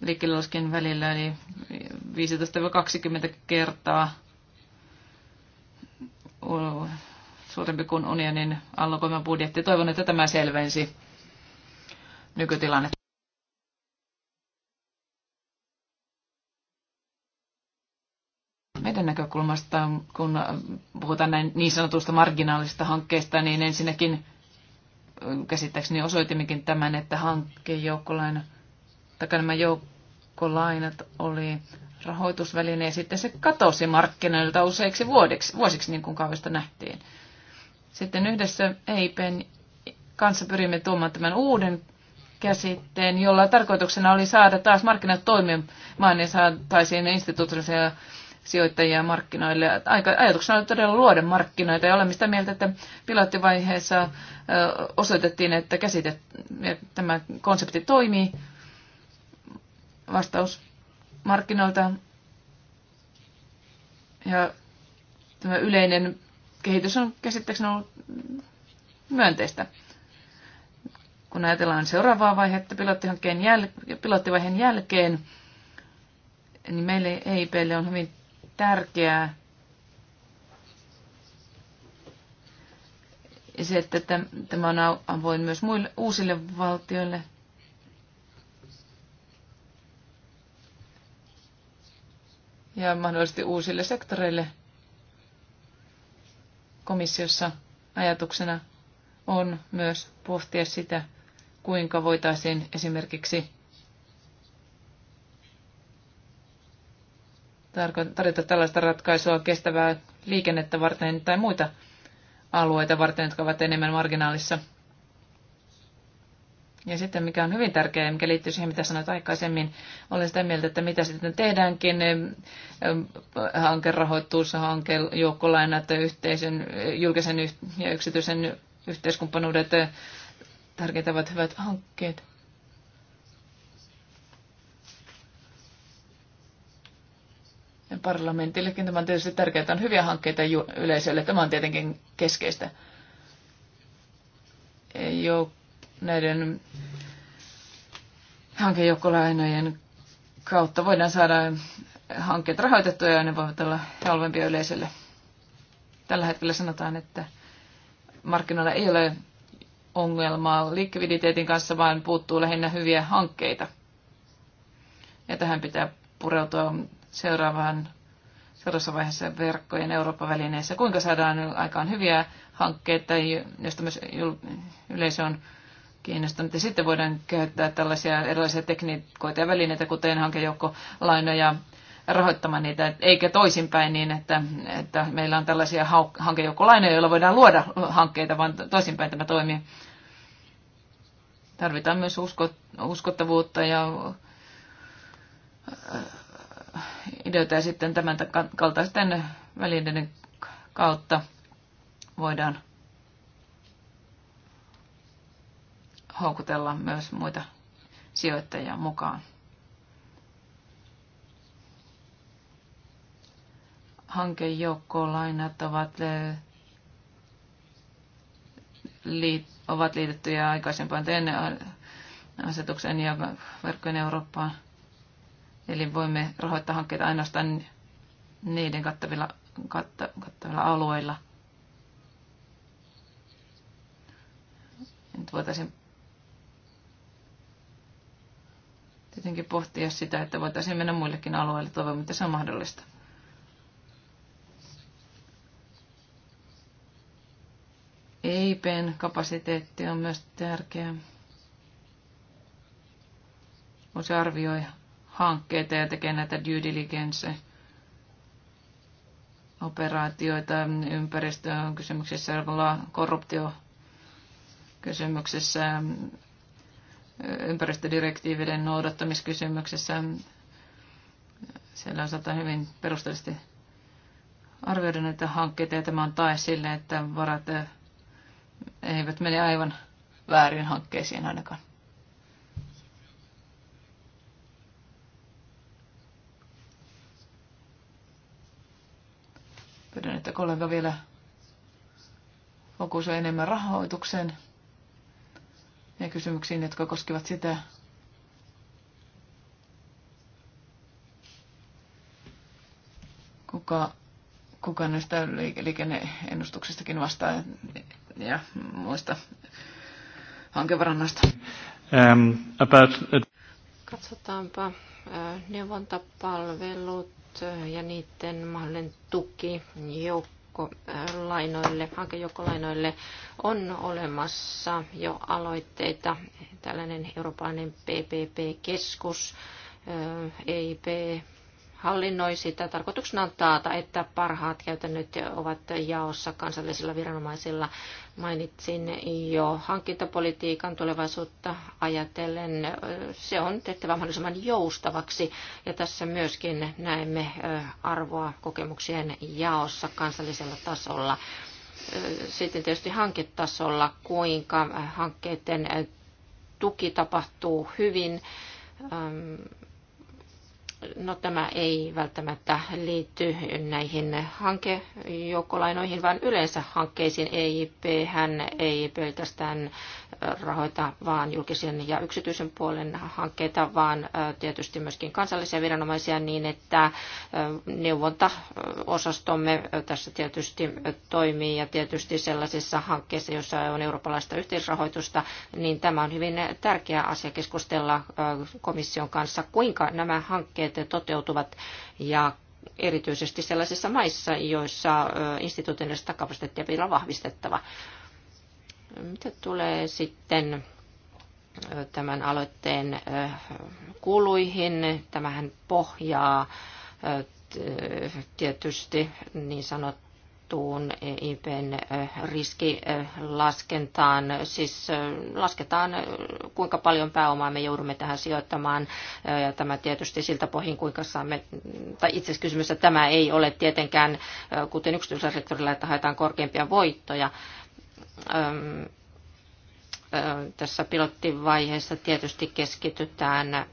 liikkeellelasken välillä, eli 15-20 kertaa suurempi kuin unionin allokoima budjetti. Toivon, että tämä selvensi nykytilannetta. näkökulmasta, kun puhutaan näin niin sanotusta marginaalista hankkeesta, niin ensinnäkin käsittääkseni osoitimmekin tämän, että hankkeen joukkolaina, tai nämä joukkolainat oli rahoitusväline ja sitten se katosi markkinoilta useiksi vuodeksi, vuosiksi, niin kuin kauista nähtiin. Sitten yhdessä EIPn kanssa pyrimme tuomaan tämän uuden käsitteen, jolla tarkoituksena oli saada taas markkinat toimimaan ja saataisiin instituutiollisia sijoittajia markkinoille. Aika, ajatuksena oli todella luoda markkinoita ja olemme sitä mieltä, että pilottivaiheessa osoitettiin, että käsite, tämä konsepti toimii. Vastaus markkinoilta ja tämä yleinen kehitys on käsittääkseni ollut myönteistä. Kun ajatellaan seuraavaa vaihetta pilottivaiheen jälkeen, niin meille EIPlle on hyvin tärkeää se, että tämä on avoin myös muille uusille valtioille. Ja mahdollisesti uusille sektoreille komissiossa ajatuksena on myös pohtia sitä, kuinka voitaisiin esimerkiksi tarjota tällaista ratkaisua kestävää liikennettä varten tai muita alueita varten, jotka ovat enemmän marginaalissa. Ja sitten mikä on hyvin tärkeää, mikä liittyy siihen, mitä sanoit aikaisemmin, olen sitä mieltä, että mitä sitten tehdäänkin, hankerahoitus, hanke, joukkolainat, yhteisen julkisen ja yksityisen yhteiskumppanuudet, tärkeitä ovat hyvät hankkeet. parlamentillekin tämä on tietysti tärkeää, on hyviä hankkeita yleisölle. Tämä on tietenkin keskeistä. Jo näiden hankejoukkolainojen kautta voidaan saada hankkeet rahoitettuja ja ne voivat olla halvempia yleisölle. Tällä hetkellä sanotaan, että markkinoilla ei ole ongelmaa likviditeetin kanssa, vaan puuttuu lähinnä hyviä hankkeita. Ja tähän pitää pureutua seuraavaan seuraavassa vaiheessa verkkojen Euroopan välineissä. Kuinka saadaan aikaan hyviä hankkeita, joista myös yleisö on kiinnostunut. Ja sitten voidaan käyttää tällaisia erilaisia tekniikoita ja välineitä, kuten hankejoukko-lainoja rahoittamaan niitä, eikä toisinpäin niin, että, että meillä on tällaisia hankejoukkolainoja, joilla voidaan luoda hankkeita, vaan toisinpäin tämä toimii. Tarvitaan myös uskottavuutta ja ideoita ja sitten tämän kaltaisten välineiden kautta voidaan houkutella myös muita sijoittajia mukaan. Hankejoukkolainat ovat, eh, liit, ovat liitettyjä aikaisempaan tn asetukseen ja verkkojen Eurooppaan – Eli voimme rahoittaa hankkeita ainoastaan niiden kattavilla, katta, kattavilla alueilla. Nyt voitaisiin tietenkin pohtia sitä, että voitaisiin mennä muillekin alueille. toivon, että se on mahdollista. EIPn kapasiteetti on myös tärkeä. Voisi arvioida. arvioi hankkeita ja tekee näitä due diligence operaatioita ympäristön kysymyksissä, korruptio kysymyksessä, ympäristödirektiividen noudattamiskysymyksessä. Siellä osataan hyvin perusteellisesti arvioida näitä hankkeita ja tämä on tae sille, että varat eh, eivät mene aivan väärin hankkeisiin ainakaan. Pyydän, että kollega vielä fokusoi enemmän rahoituksen ja kysymyksiin, jotka koskevat sitä, kuka, kuka näistä liikenneennustuksistakin vastaa ja muista hankevarannoista. Um, about... Uh, Katsotaanpa uh, neuvontapalvelut ja niiden mahdollinen tuki joukkolainoille, hankejoukkolainoille on olemassa jo aloitteita. Tällainen eurooppalainen PPP-keskus, EIP, hallinnoi sitä. Tarkoituksena on taata, että parhaat käytännöt ovat jaossa kansallisilla viranomaisilla. Mainitsin jo hankintapolitiikan tulevaisuutta ajatellen. Se on tehtävä mahdollisimman joustavaksi ja tässä myöskin näemme arvoa kokemuksien jaossa kansallisella tasolla. Sitten tietysti hanketasolla, kuinka hankkeiden tuki tapahtuu hyvin No tämä ei välttämättä liity näihin hankejoukkolainoihin, vaan yleensä hankkeisiin EIP hän ei pelkästään rahoita vaan julkisen ja yksityisen puolen hankkeita, vaan tietysti myöskin kansallisia viranomaisia niin, että neuvontaosastomme tässä tietysti toimii ja tietysti sellaisissa hankkeissa, joissa on eurooppalaista yhteisrahoitusta, niin tämä on hyvin tärkeä asia keskustella komission kanssa, kuinka nämä hankkeet tavoitteet toteutuvat ja erityisesti sellaisissa maissa, joissa instituutioista kapasiteettia vielä on vahvistettava. Mitä tulee sitten tämän aloitteen kuluihin? Tämähän pohjaa tietysti niin sanottu annettuun IPn eh, riskilaskentaan. Siis eh, lasketaan, eh, kuinka paljon pääomaa me joudumme tähän sijoittamaan. Ja tämä tietysti siltä pohjin, kuinka saamme, tai itse asiassa kysymys, että tämä ei ole tietenkään, kuten yksityisellä sektorilla, että haetaan korkeimpia voittoja tässä pilottivaiheessa tietysti keskitytään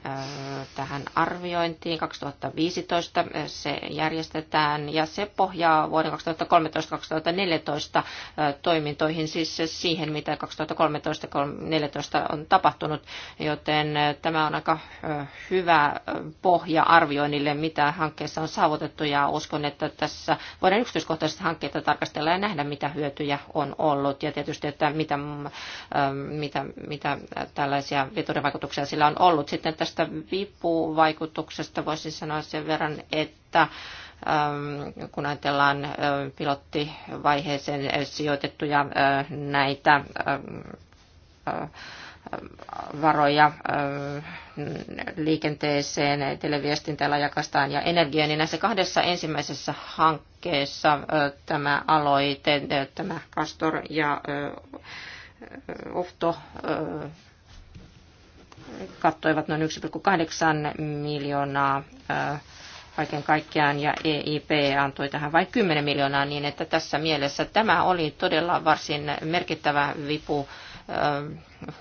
tähän arviointiin 2015. Se järjestetään ja se pohjaa vuoden 2013-2014 toimintoihin, siis siihen mitä 2013-2014 on tapahtunut, joten tämä on aika hyvä pohja arvioinnille, mitä hankkeessa on saavutettu ja uskon, että tässä voidaan yksityiskohtaisesti hankkeita tarkastella ja nähdä, mitä hyötyjä on ollut ja tietysti, että mitä mitä, mitä tällaisia veturivaikutuksia sillä on ollut. Sitten tästä vipuvaikutuksesta voisin sanoa sen verran, että ähm, kun ajatellaan äh, pilottivaiheeseen sijoitettuja äh, näitä äh, varoja liikenteeseen, televiestintään, jakastaan ja energiaan, niin näissä kahdessa ensimmäisessä hankkeessa tämä aloite, tämä Castor ja Ofto kattoivat noin 1,8 miljoonaa kaiken kaikkiaan ja EIP antoi tähän vain 10 miljoonaa, niin että tässä mielessä tämä oli todella varsin merkittävä vipu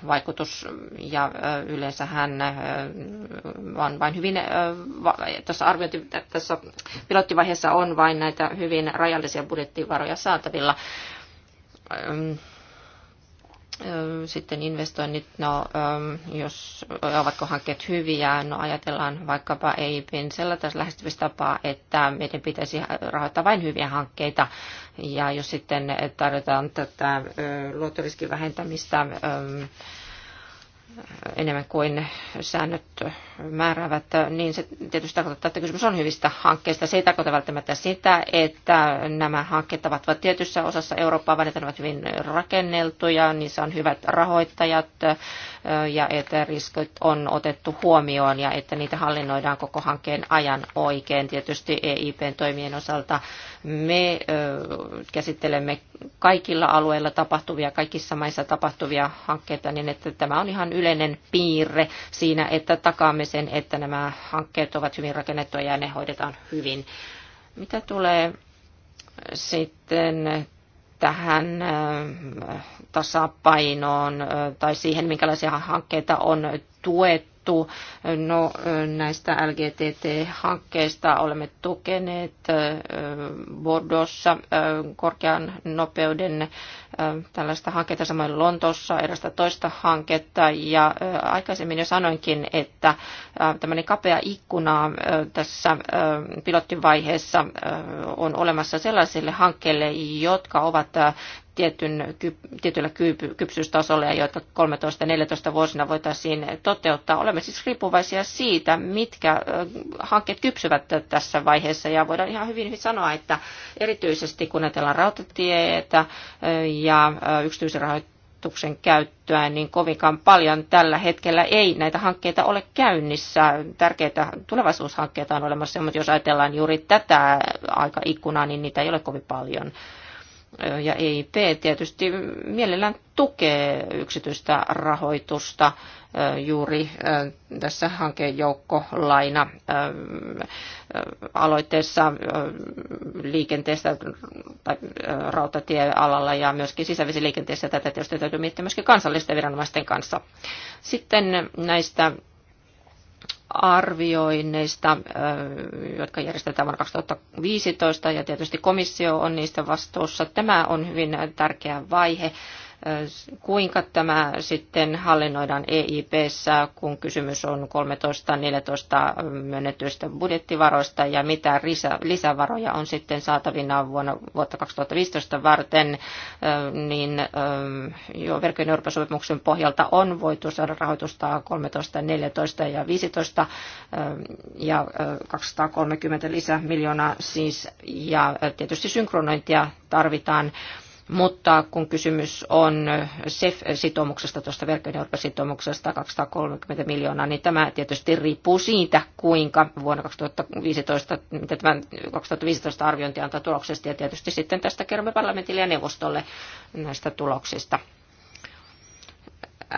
vaikutus ja yleensä hän on vain hyvin, tässä, arviointi, tässä pilottivaiheessa on vain näitä hyvin rajallisia budjettivaroja saatavilla sitten investoinnit, no ähm, jos, ovatko hankkeet hyviä, no ajatellaan vaikkapa ei EIPin tässä lähestymistapaa, että meidän pitäisi rahoittaa vain hyviä hankkeita. Ja jos sitten tarjotaan tätä luottoriskin vähentämistä enemmän kuin säännöt määräävät, niin se tietysti tarkoittaa, että kysymys on hyvistä hankkeista. Se ei tarkoita välttämättä sitä, että nämä hankkeet ovat tietyssä osassa Eurooppaa, vaan ne ovat hyvin rakenneltuja, niissä on hyvät rahoittajat ja että riskit on otettu huomioon ja että niitä hallinnoidaan koko hankkeen ajan oikein. Tietysti EIPn toimien osalta me käsittelemme kaikilla alueilla tapahtuvia, kaikissa maissa tapahtuvia hankkeita, niin että tämä on ihan yleinen piirre siinä, että takaamme sen, että nämä hankkeet ovat hyvin rakennettuja ja ne hoidetaan hyvin. Mitä tulee sitten tähän tasapainoon tai siihen, minkälaisia hankkeita on tuettu, puhuttu. No, näistä LGTT-hankkeista olemme tukeneet Bordossa korkean nopeuden tällaista hanketta, samoin Lontossa erästä toista hanketta. Ja aikaisemmin jo sanoinkin, että tämmöinen kapea ikkuna tässä pilottivaiheessa on olemassa sellaisille hankkeille, jotka ovat tietyn, tietyllä kypsyystasolla ja joita 13-14 vuosina voitaisiin toteuttaa. Olemme siis riippuvaisia siitä, mitkä hankkeet kypsyvät tässä vaiheessa ja voidaan ihan hyvin sanoa, että erityisesti kun ajatellaan rautatietä ja yksityisen rahoituksen käyttöä, niin kovinkaan paljon tällä hetkellä ei näitä hankkeita ole käynnissä. Tärkeitä tulevaisuushankkeita on olemassa, mutta jos ajatellaan juuri tätä aikaikkunaa, niin niitä ei ole kovin paljon ja EIP tietysti mielellään tukee yksityistä rahoitusta juuri tässä hankejoukkolaina aloitteessa liikenteessä tai rautatiealalla ja myöskin sisävesiliikenteessä. Tätä tietysti täytyy miettiä myöskin kansallisten viranomaisten kanssa. Sitten näistä arvioinneista, jotka järjestetään vuonna 2015, ja tietysti komissio on niistä vastuussa. Tämä on hyvin tärkeä vaihe kuinka tämä sitten hallinnoidaan EIPssä, kun kysymys on 13-14 myönnetyistä budjettivaroista ja mitä lisävaroja on sitten saatavina vuonna, vuotta 2015 varten, niin jo verkkojen Euroopan sopimuksen pohjalta on voitu saada rahoitusta 13, 14 ja 15 ja 230 lisämiljoonaa siis ja tietysti synkronointia tarvitaan mutta kun kysymys on SEF-sitoumuksesta, tuosta verkkojen Euroopan sitoumuksesta 230 miljoonaa, niin tämä tietysti riippuu siitä, kuinka vuonna 2015, mitä tämä 2015 arviointi antaa tuloksesta, ja tietysti sitten tästä kerromme parlamentille ja neuvostolle näistä tuloksista.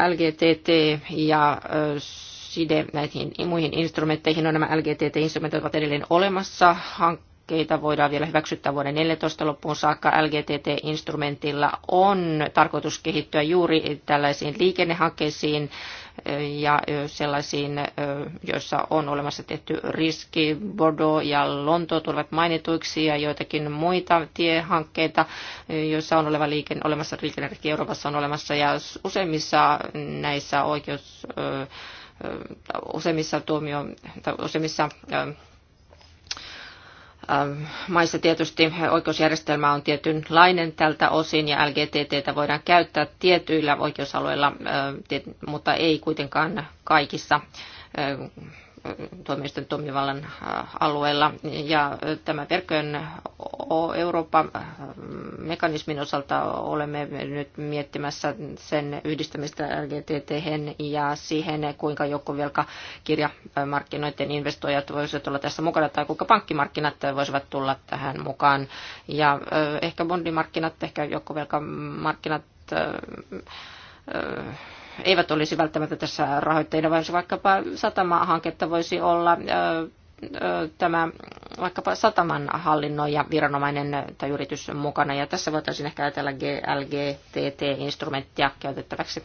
LGTT ja side näihin muihin instrumentteihin. No nämä LGTT-instrumentit ovat edelleen olemassa. Hank- hankkeita voidaan vielä hyväksyttää vuoden 14 loppuun saakka. LGTT-instrumentilla on tarkoitus kehittyä juuri tällaisiin liikennehankkeisiin ja sellaisiin, joissa on olemassa tehty riski. Bordeaux ja Lonto tulevat mainituiksi ja joitakin muita tiehankkeita, joissa on oleva liikenne, olemassa liikennerikki Euroopassa on olemassa ja useimmissa näissä oikeus useimmissa tuomio, useimmissa Äh, maissa tietysti oikeusjärjestelmä on tietynlainen tältä osin ja LGTTtä voidaan käyttää tietyillä oikeusalueilla, äh, mutta ei kuitenkaan kaikissa äh, tuomioistuin toimivallan äh, alueella. Ja äh, tämä verkkojen Euroopan äh, mekanismin osalta olemme nyt miettimässä sen yhdistämistä LGTT ja siihen, kuinka joko vielä kirjamarkkinoiden investoijat voisivat olla tässä mukana tai kuinka pankkimarkkinat voisivat tulla tähän mukaan. Ja ehkä bondimarkkinat, ehkä joukkovelkamarkkinat markkinat eivät olisi välttämättä tässä rahoitteina, vaan vaikkapa satamahanketta voisi olla tämä vaikkapa sataman hallinnoija, viranomainen tai yritys mukana. Ja tässä voitaisiin ehkä ajatella glgtt instrumenttia käytettäväksi.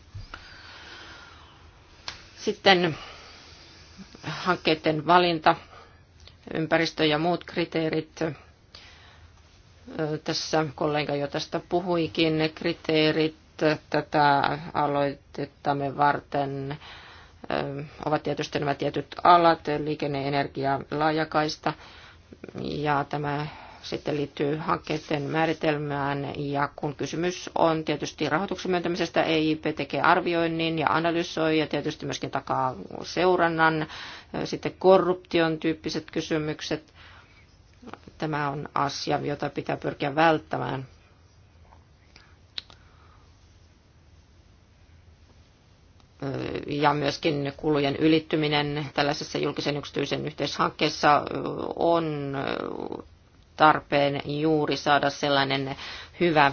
Sitten hankkeiden valinta, ympäristö ja muut kriteerit. Tässä kollega jo tästä puhuikin, ne kriteerit tätä aloitettamme varten ovat tietysti nämä tietyt alat, liikenne, energia, laajakaista. Ja tämä sitten liittyy hankkeiden määritelmään. Ja kun kysymys on tietysti rahoituksen myöntämisestä, EIP tekee arvioinnin ja analysoi ja tietysti myöskin takaa seurannan. Sitten korruption tyyppiset kysymykset. Tämä on asia, jota pitää pyrkiä välttämään ja myöskin kulujen ylittyminen tällaisessa julkisen yksityisen yhteishankkeessa on tarpeen juuri saada sellainen hyvä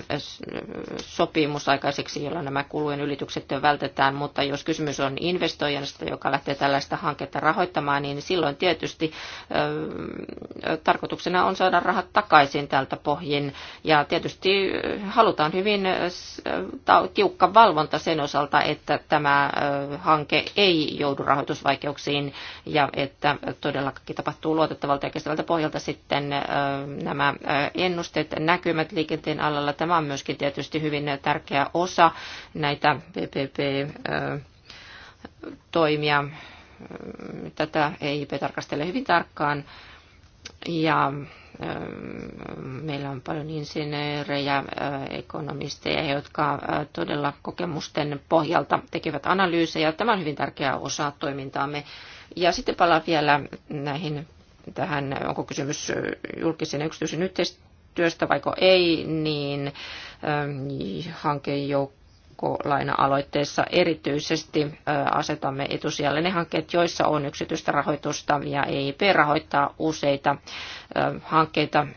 sopimus aikaiseksi, jolla nämä kulujen ylitykset vältetään, mutta jos kysymys on investoijasta, joka lähtee tällaista hanketta rahoittamaan, niin silloin tietysti tarkoituksena on saada rahat takaisin tältä pohjin. Ja tietysti halutaan hyvin tiukka valvonta sen osalta, että tämä hanke ei joudu rahoitusvaikeuksiin ja että todellakin tapahtuu luotettavalta ja kestävältä pohjalta sitten nämä ennusteet, näkymät liikenteen alalla puolella. Tämä on myöskin tietysti hyvin tärkeä osa näitä PPP-toimia. Tätä EIP tarkastelee hyvin tarkkaan. Ja meillä on paljon insinöörejä, ekonomisteja, jotka todella kokemusten pohjalta tekevät analyysejä. Tämä on hyvin tärkeä osa toimintaamme. Ja sitten palaan vielä näihin tähän, onko kysymys julkisen ja yksityisen yhteistyön työstä vaiko ei, niin ähm, hankejoukkolaina-aloitteessa erityisesti äh, asetamme etusijalle ne hankkeet, joissa on yksityistä rahoitusta ja EIP rahoittaa useita ähm, hankkeita. Ähm,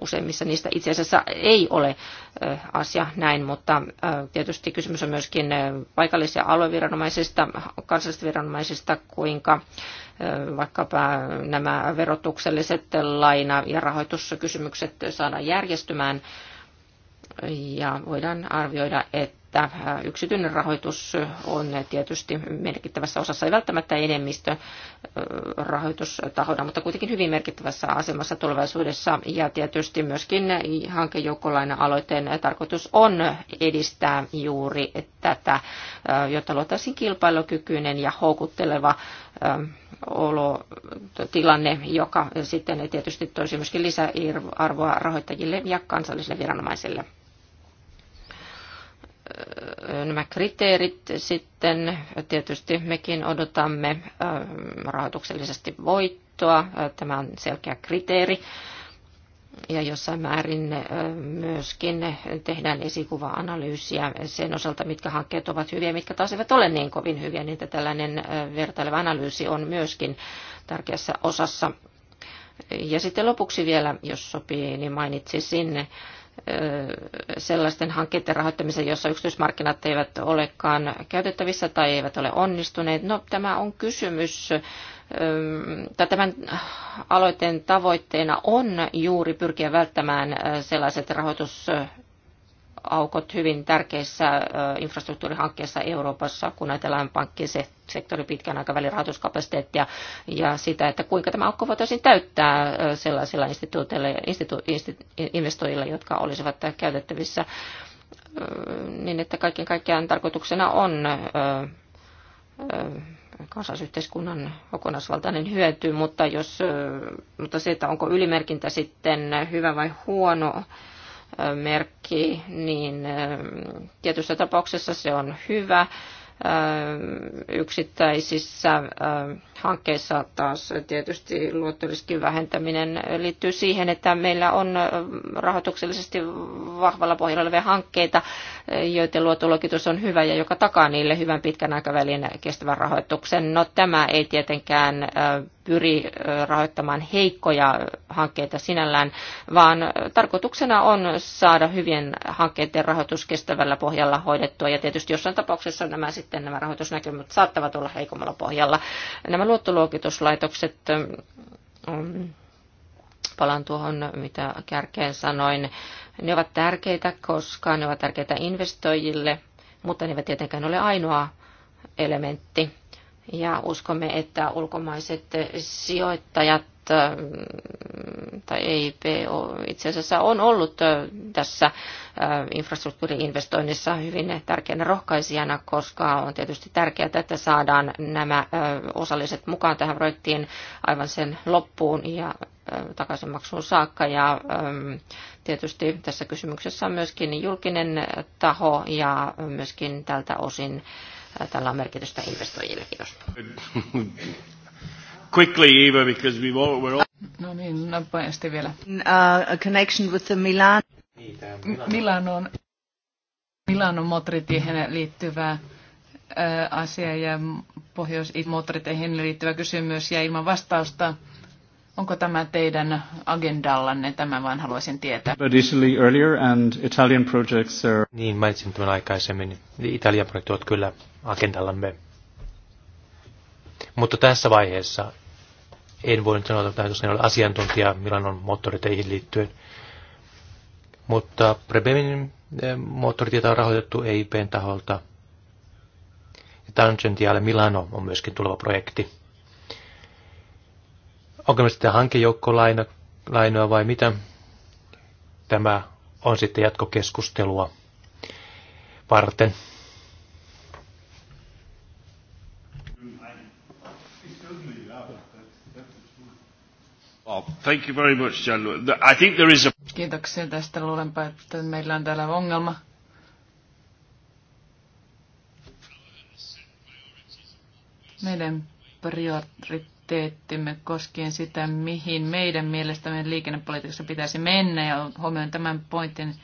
useimmissa niistä itse asiassa ei ole äh, asia näin, mutta äh, tietysti kysymys on myöskin paikallisia alueviranomaisista, kansallisista viranomaisista, kuinka vaikkapa nämä verotukselliset laina- ja rahoituskysymykset saada järjestymään. Ja voidaan arvioida, että että äh, yksityinen rahoitus on tietysti merkittävässä osassa, ei välttämättä enemmistö äh, rahoitustahona, mutta kuitenkin hyvin merkittävässä asemassa tulevaisuudessa. Ja tietysti myöskin hankejoukkolainen aloitteen tarkoitus on edistää juuri tätä, äh, jotta luotaisiin kilpailukykyinen ja houkutteleva olo, tilanne, joka sitten tietysti toisi myöskin lisäarvoa rahoittajille ja kansallisille viranomaisille nämä kriteerit sitten, tietysti mekin odotamme rahoituksellisesti voittoa, tämä on selkeä kriteeri. Ja jossain määrin myöskin tehdään esikuva-analyysiä sen osalta, mitkä hankkeet ovat hyviä, mitkä taas eivät ole niin kovin hyviä, niin tällainen vertaileva analyysi on myöskin tärkeässä osassa. Ja sitten lopuksi vielä, jos sopii, niin mainitsisin sellaisten hankkeiden rahoittamiseen, jossa yksityismarkkinat eivät olekaan käytettävissä tai eivät ole onnistuneet. No, tämä on kysymys tai tämän aloitteen tavoitteena on juuri pyrkiä välttämään sellaiset rahoitus- aukot hyvin tärkeissä infrastruktuurihankkeissa Euroopassa, kun ajatellaan sektori pitkän aikavälin rahoituskapasiteettia ja sitä, että kuinka tämä aukko voitaisiin täyttää sellaisilla institu, institu, investoijilla, jotka olisivat käytettävissä, niin että kaiken kaikkiaan tarkoituksena on kansallisyhteiskunnan kokonaisvaltainen hyöty, mutta, jos, mutta se, että onko ylimerkintä sitten hyvä vai huono, merkki, niin tietyssä tapauksessa se on hyvä. Yksittäisissä hankkeissa taas tietysti luottoriskin vähentäminen liittyy siihen, että meillä on rahoituksellisesti vahvalla pohjalla olevia hankkeita, joiden luottoluokitus on hyvä ja joka takaa niille hyvän pitkän aikavälin kestävän rahoituksen. No tämä ei tietenkään pyri rahoittamaan heikkoja hankkeita sinällään, vaan tarkoituksena on saada hyvien hankkeiden rahoitus kestävällä pohjalla hoidettua. Ja tietysti jossain tapauksessa nämä, sitten, nämä rahoitusnäkymät saattavat olla heikommalla pohjalla. Nämä luottoluokituslaitokset, mm, palaan tuohon mitä kärkeen sanoin, ne ovat tärkeitä, koska ne ovat tärkeitä investoijille, mutta ne eivät tietenkään ole ainoa elementti ja uskomme, että ulkomaiset sijoittajat mm, tai EIP itse asiassa on ollut tässä infrastruktuuriinvestoinnissa hyvin tärkeänä rohkaisijana, koska on tietysti tärkeää, että saadaan nämä osalliset mukaan tähän projektiin aivan sen loppuun ja takaisinmaksuun saakka. Ja tietysti tässä kysymyksessä on myöskin julkinen taho ja myöskin tältä osin Äh, tällä on merkitystä investoijille. Kiitos. Quickly, Eva, because we've all, we're all... No niin, nopeasti vielä. Mm, uh, a connection with the Milan. Milanon, Milanon liittyvä uh, asia ja pohjois-moottoriteihin liittyvä kysymys ja ilman vastausta. Onko tämä teidän agendallanne? Tämä vain haluaisin tietää. Additionally earlier and Italian projects are... Niin, mainitsin tämän aikaisemmin. Italian projektit ovat kyllä agendallamme. Mutta tässä vaiheessa en voi nyt sanoa, että en ole asiantuntija Milanon moottoriteihin liittyen. Mutta Prebemin eh, moottoritietä on rahoitettu EIPn taholta. Ja Tangentiale Milano on myöskin tuleva projekti onko me sitten hankejoukkolainoa vai mitä? Tämä on sitten jatkokeskustelua varten. Thank you very much, I think there is a... Kiitoksia tästä. Luulenpa, että meillä on täällä ongelma. Meidän prioriteetit prioriteettimme koskien sitä, mihin meidän mielestämme liikennepolitiikassa pitäisi mennä. Ja huomioin tämän pointin,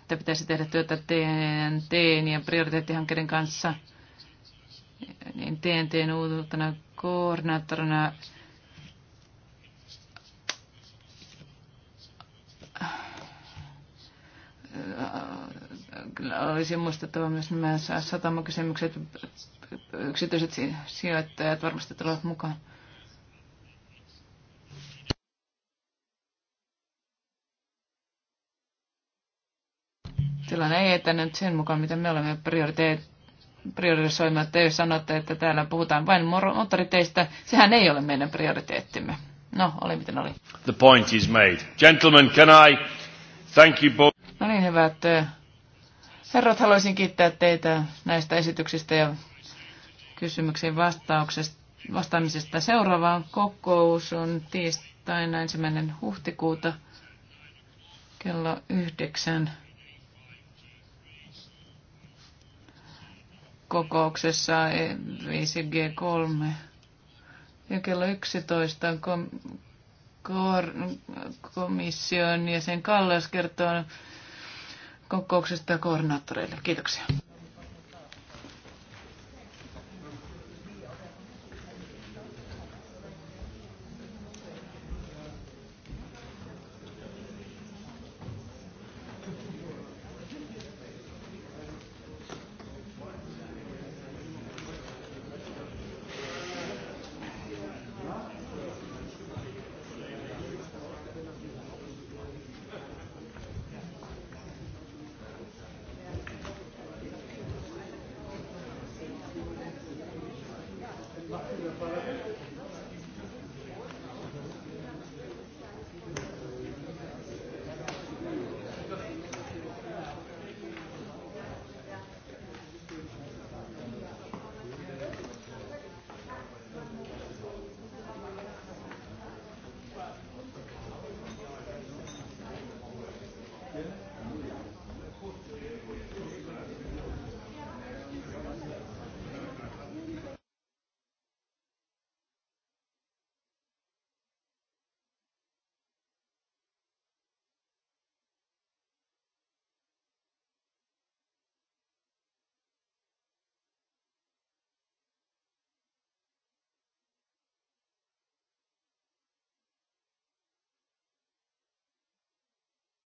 että pitäisi tehdä työtä TNT ja prioriteettihankkeiden kanssa. Niin TNTn uutena koordinaattorina olisi muistettava myös nämä satamakysymykset yksityiset sijoittajat varmasti tulevat mukaan. Tilanne ei etänyt sen mukaan, mitä me olemme prioriteet, priorisoimaan, Te sanotte, että täällä puhutaan vain moottoriteistä, sehän ei ole meidän prioriteettimme. No, oli miten oli. The point is made. Gentlemen, can I thank you both? No niin, hyvät herrat, haluaisin kiittää teitä näistä esityksistä ja Kysymyksiin vastaamisesta. Seuraava kokous on tiistaina ensimmäinen huhtikuuta kello yhdeksän. kokouksessa 5G3 e ja kello 11 kom- kor- komission ja sen Kallas kertoo kokouksesta koordinaattoreille. Kiitoksia.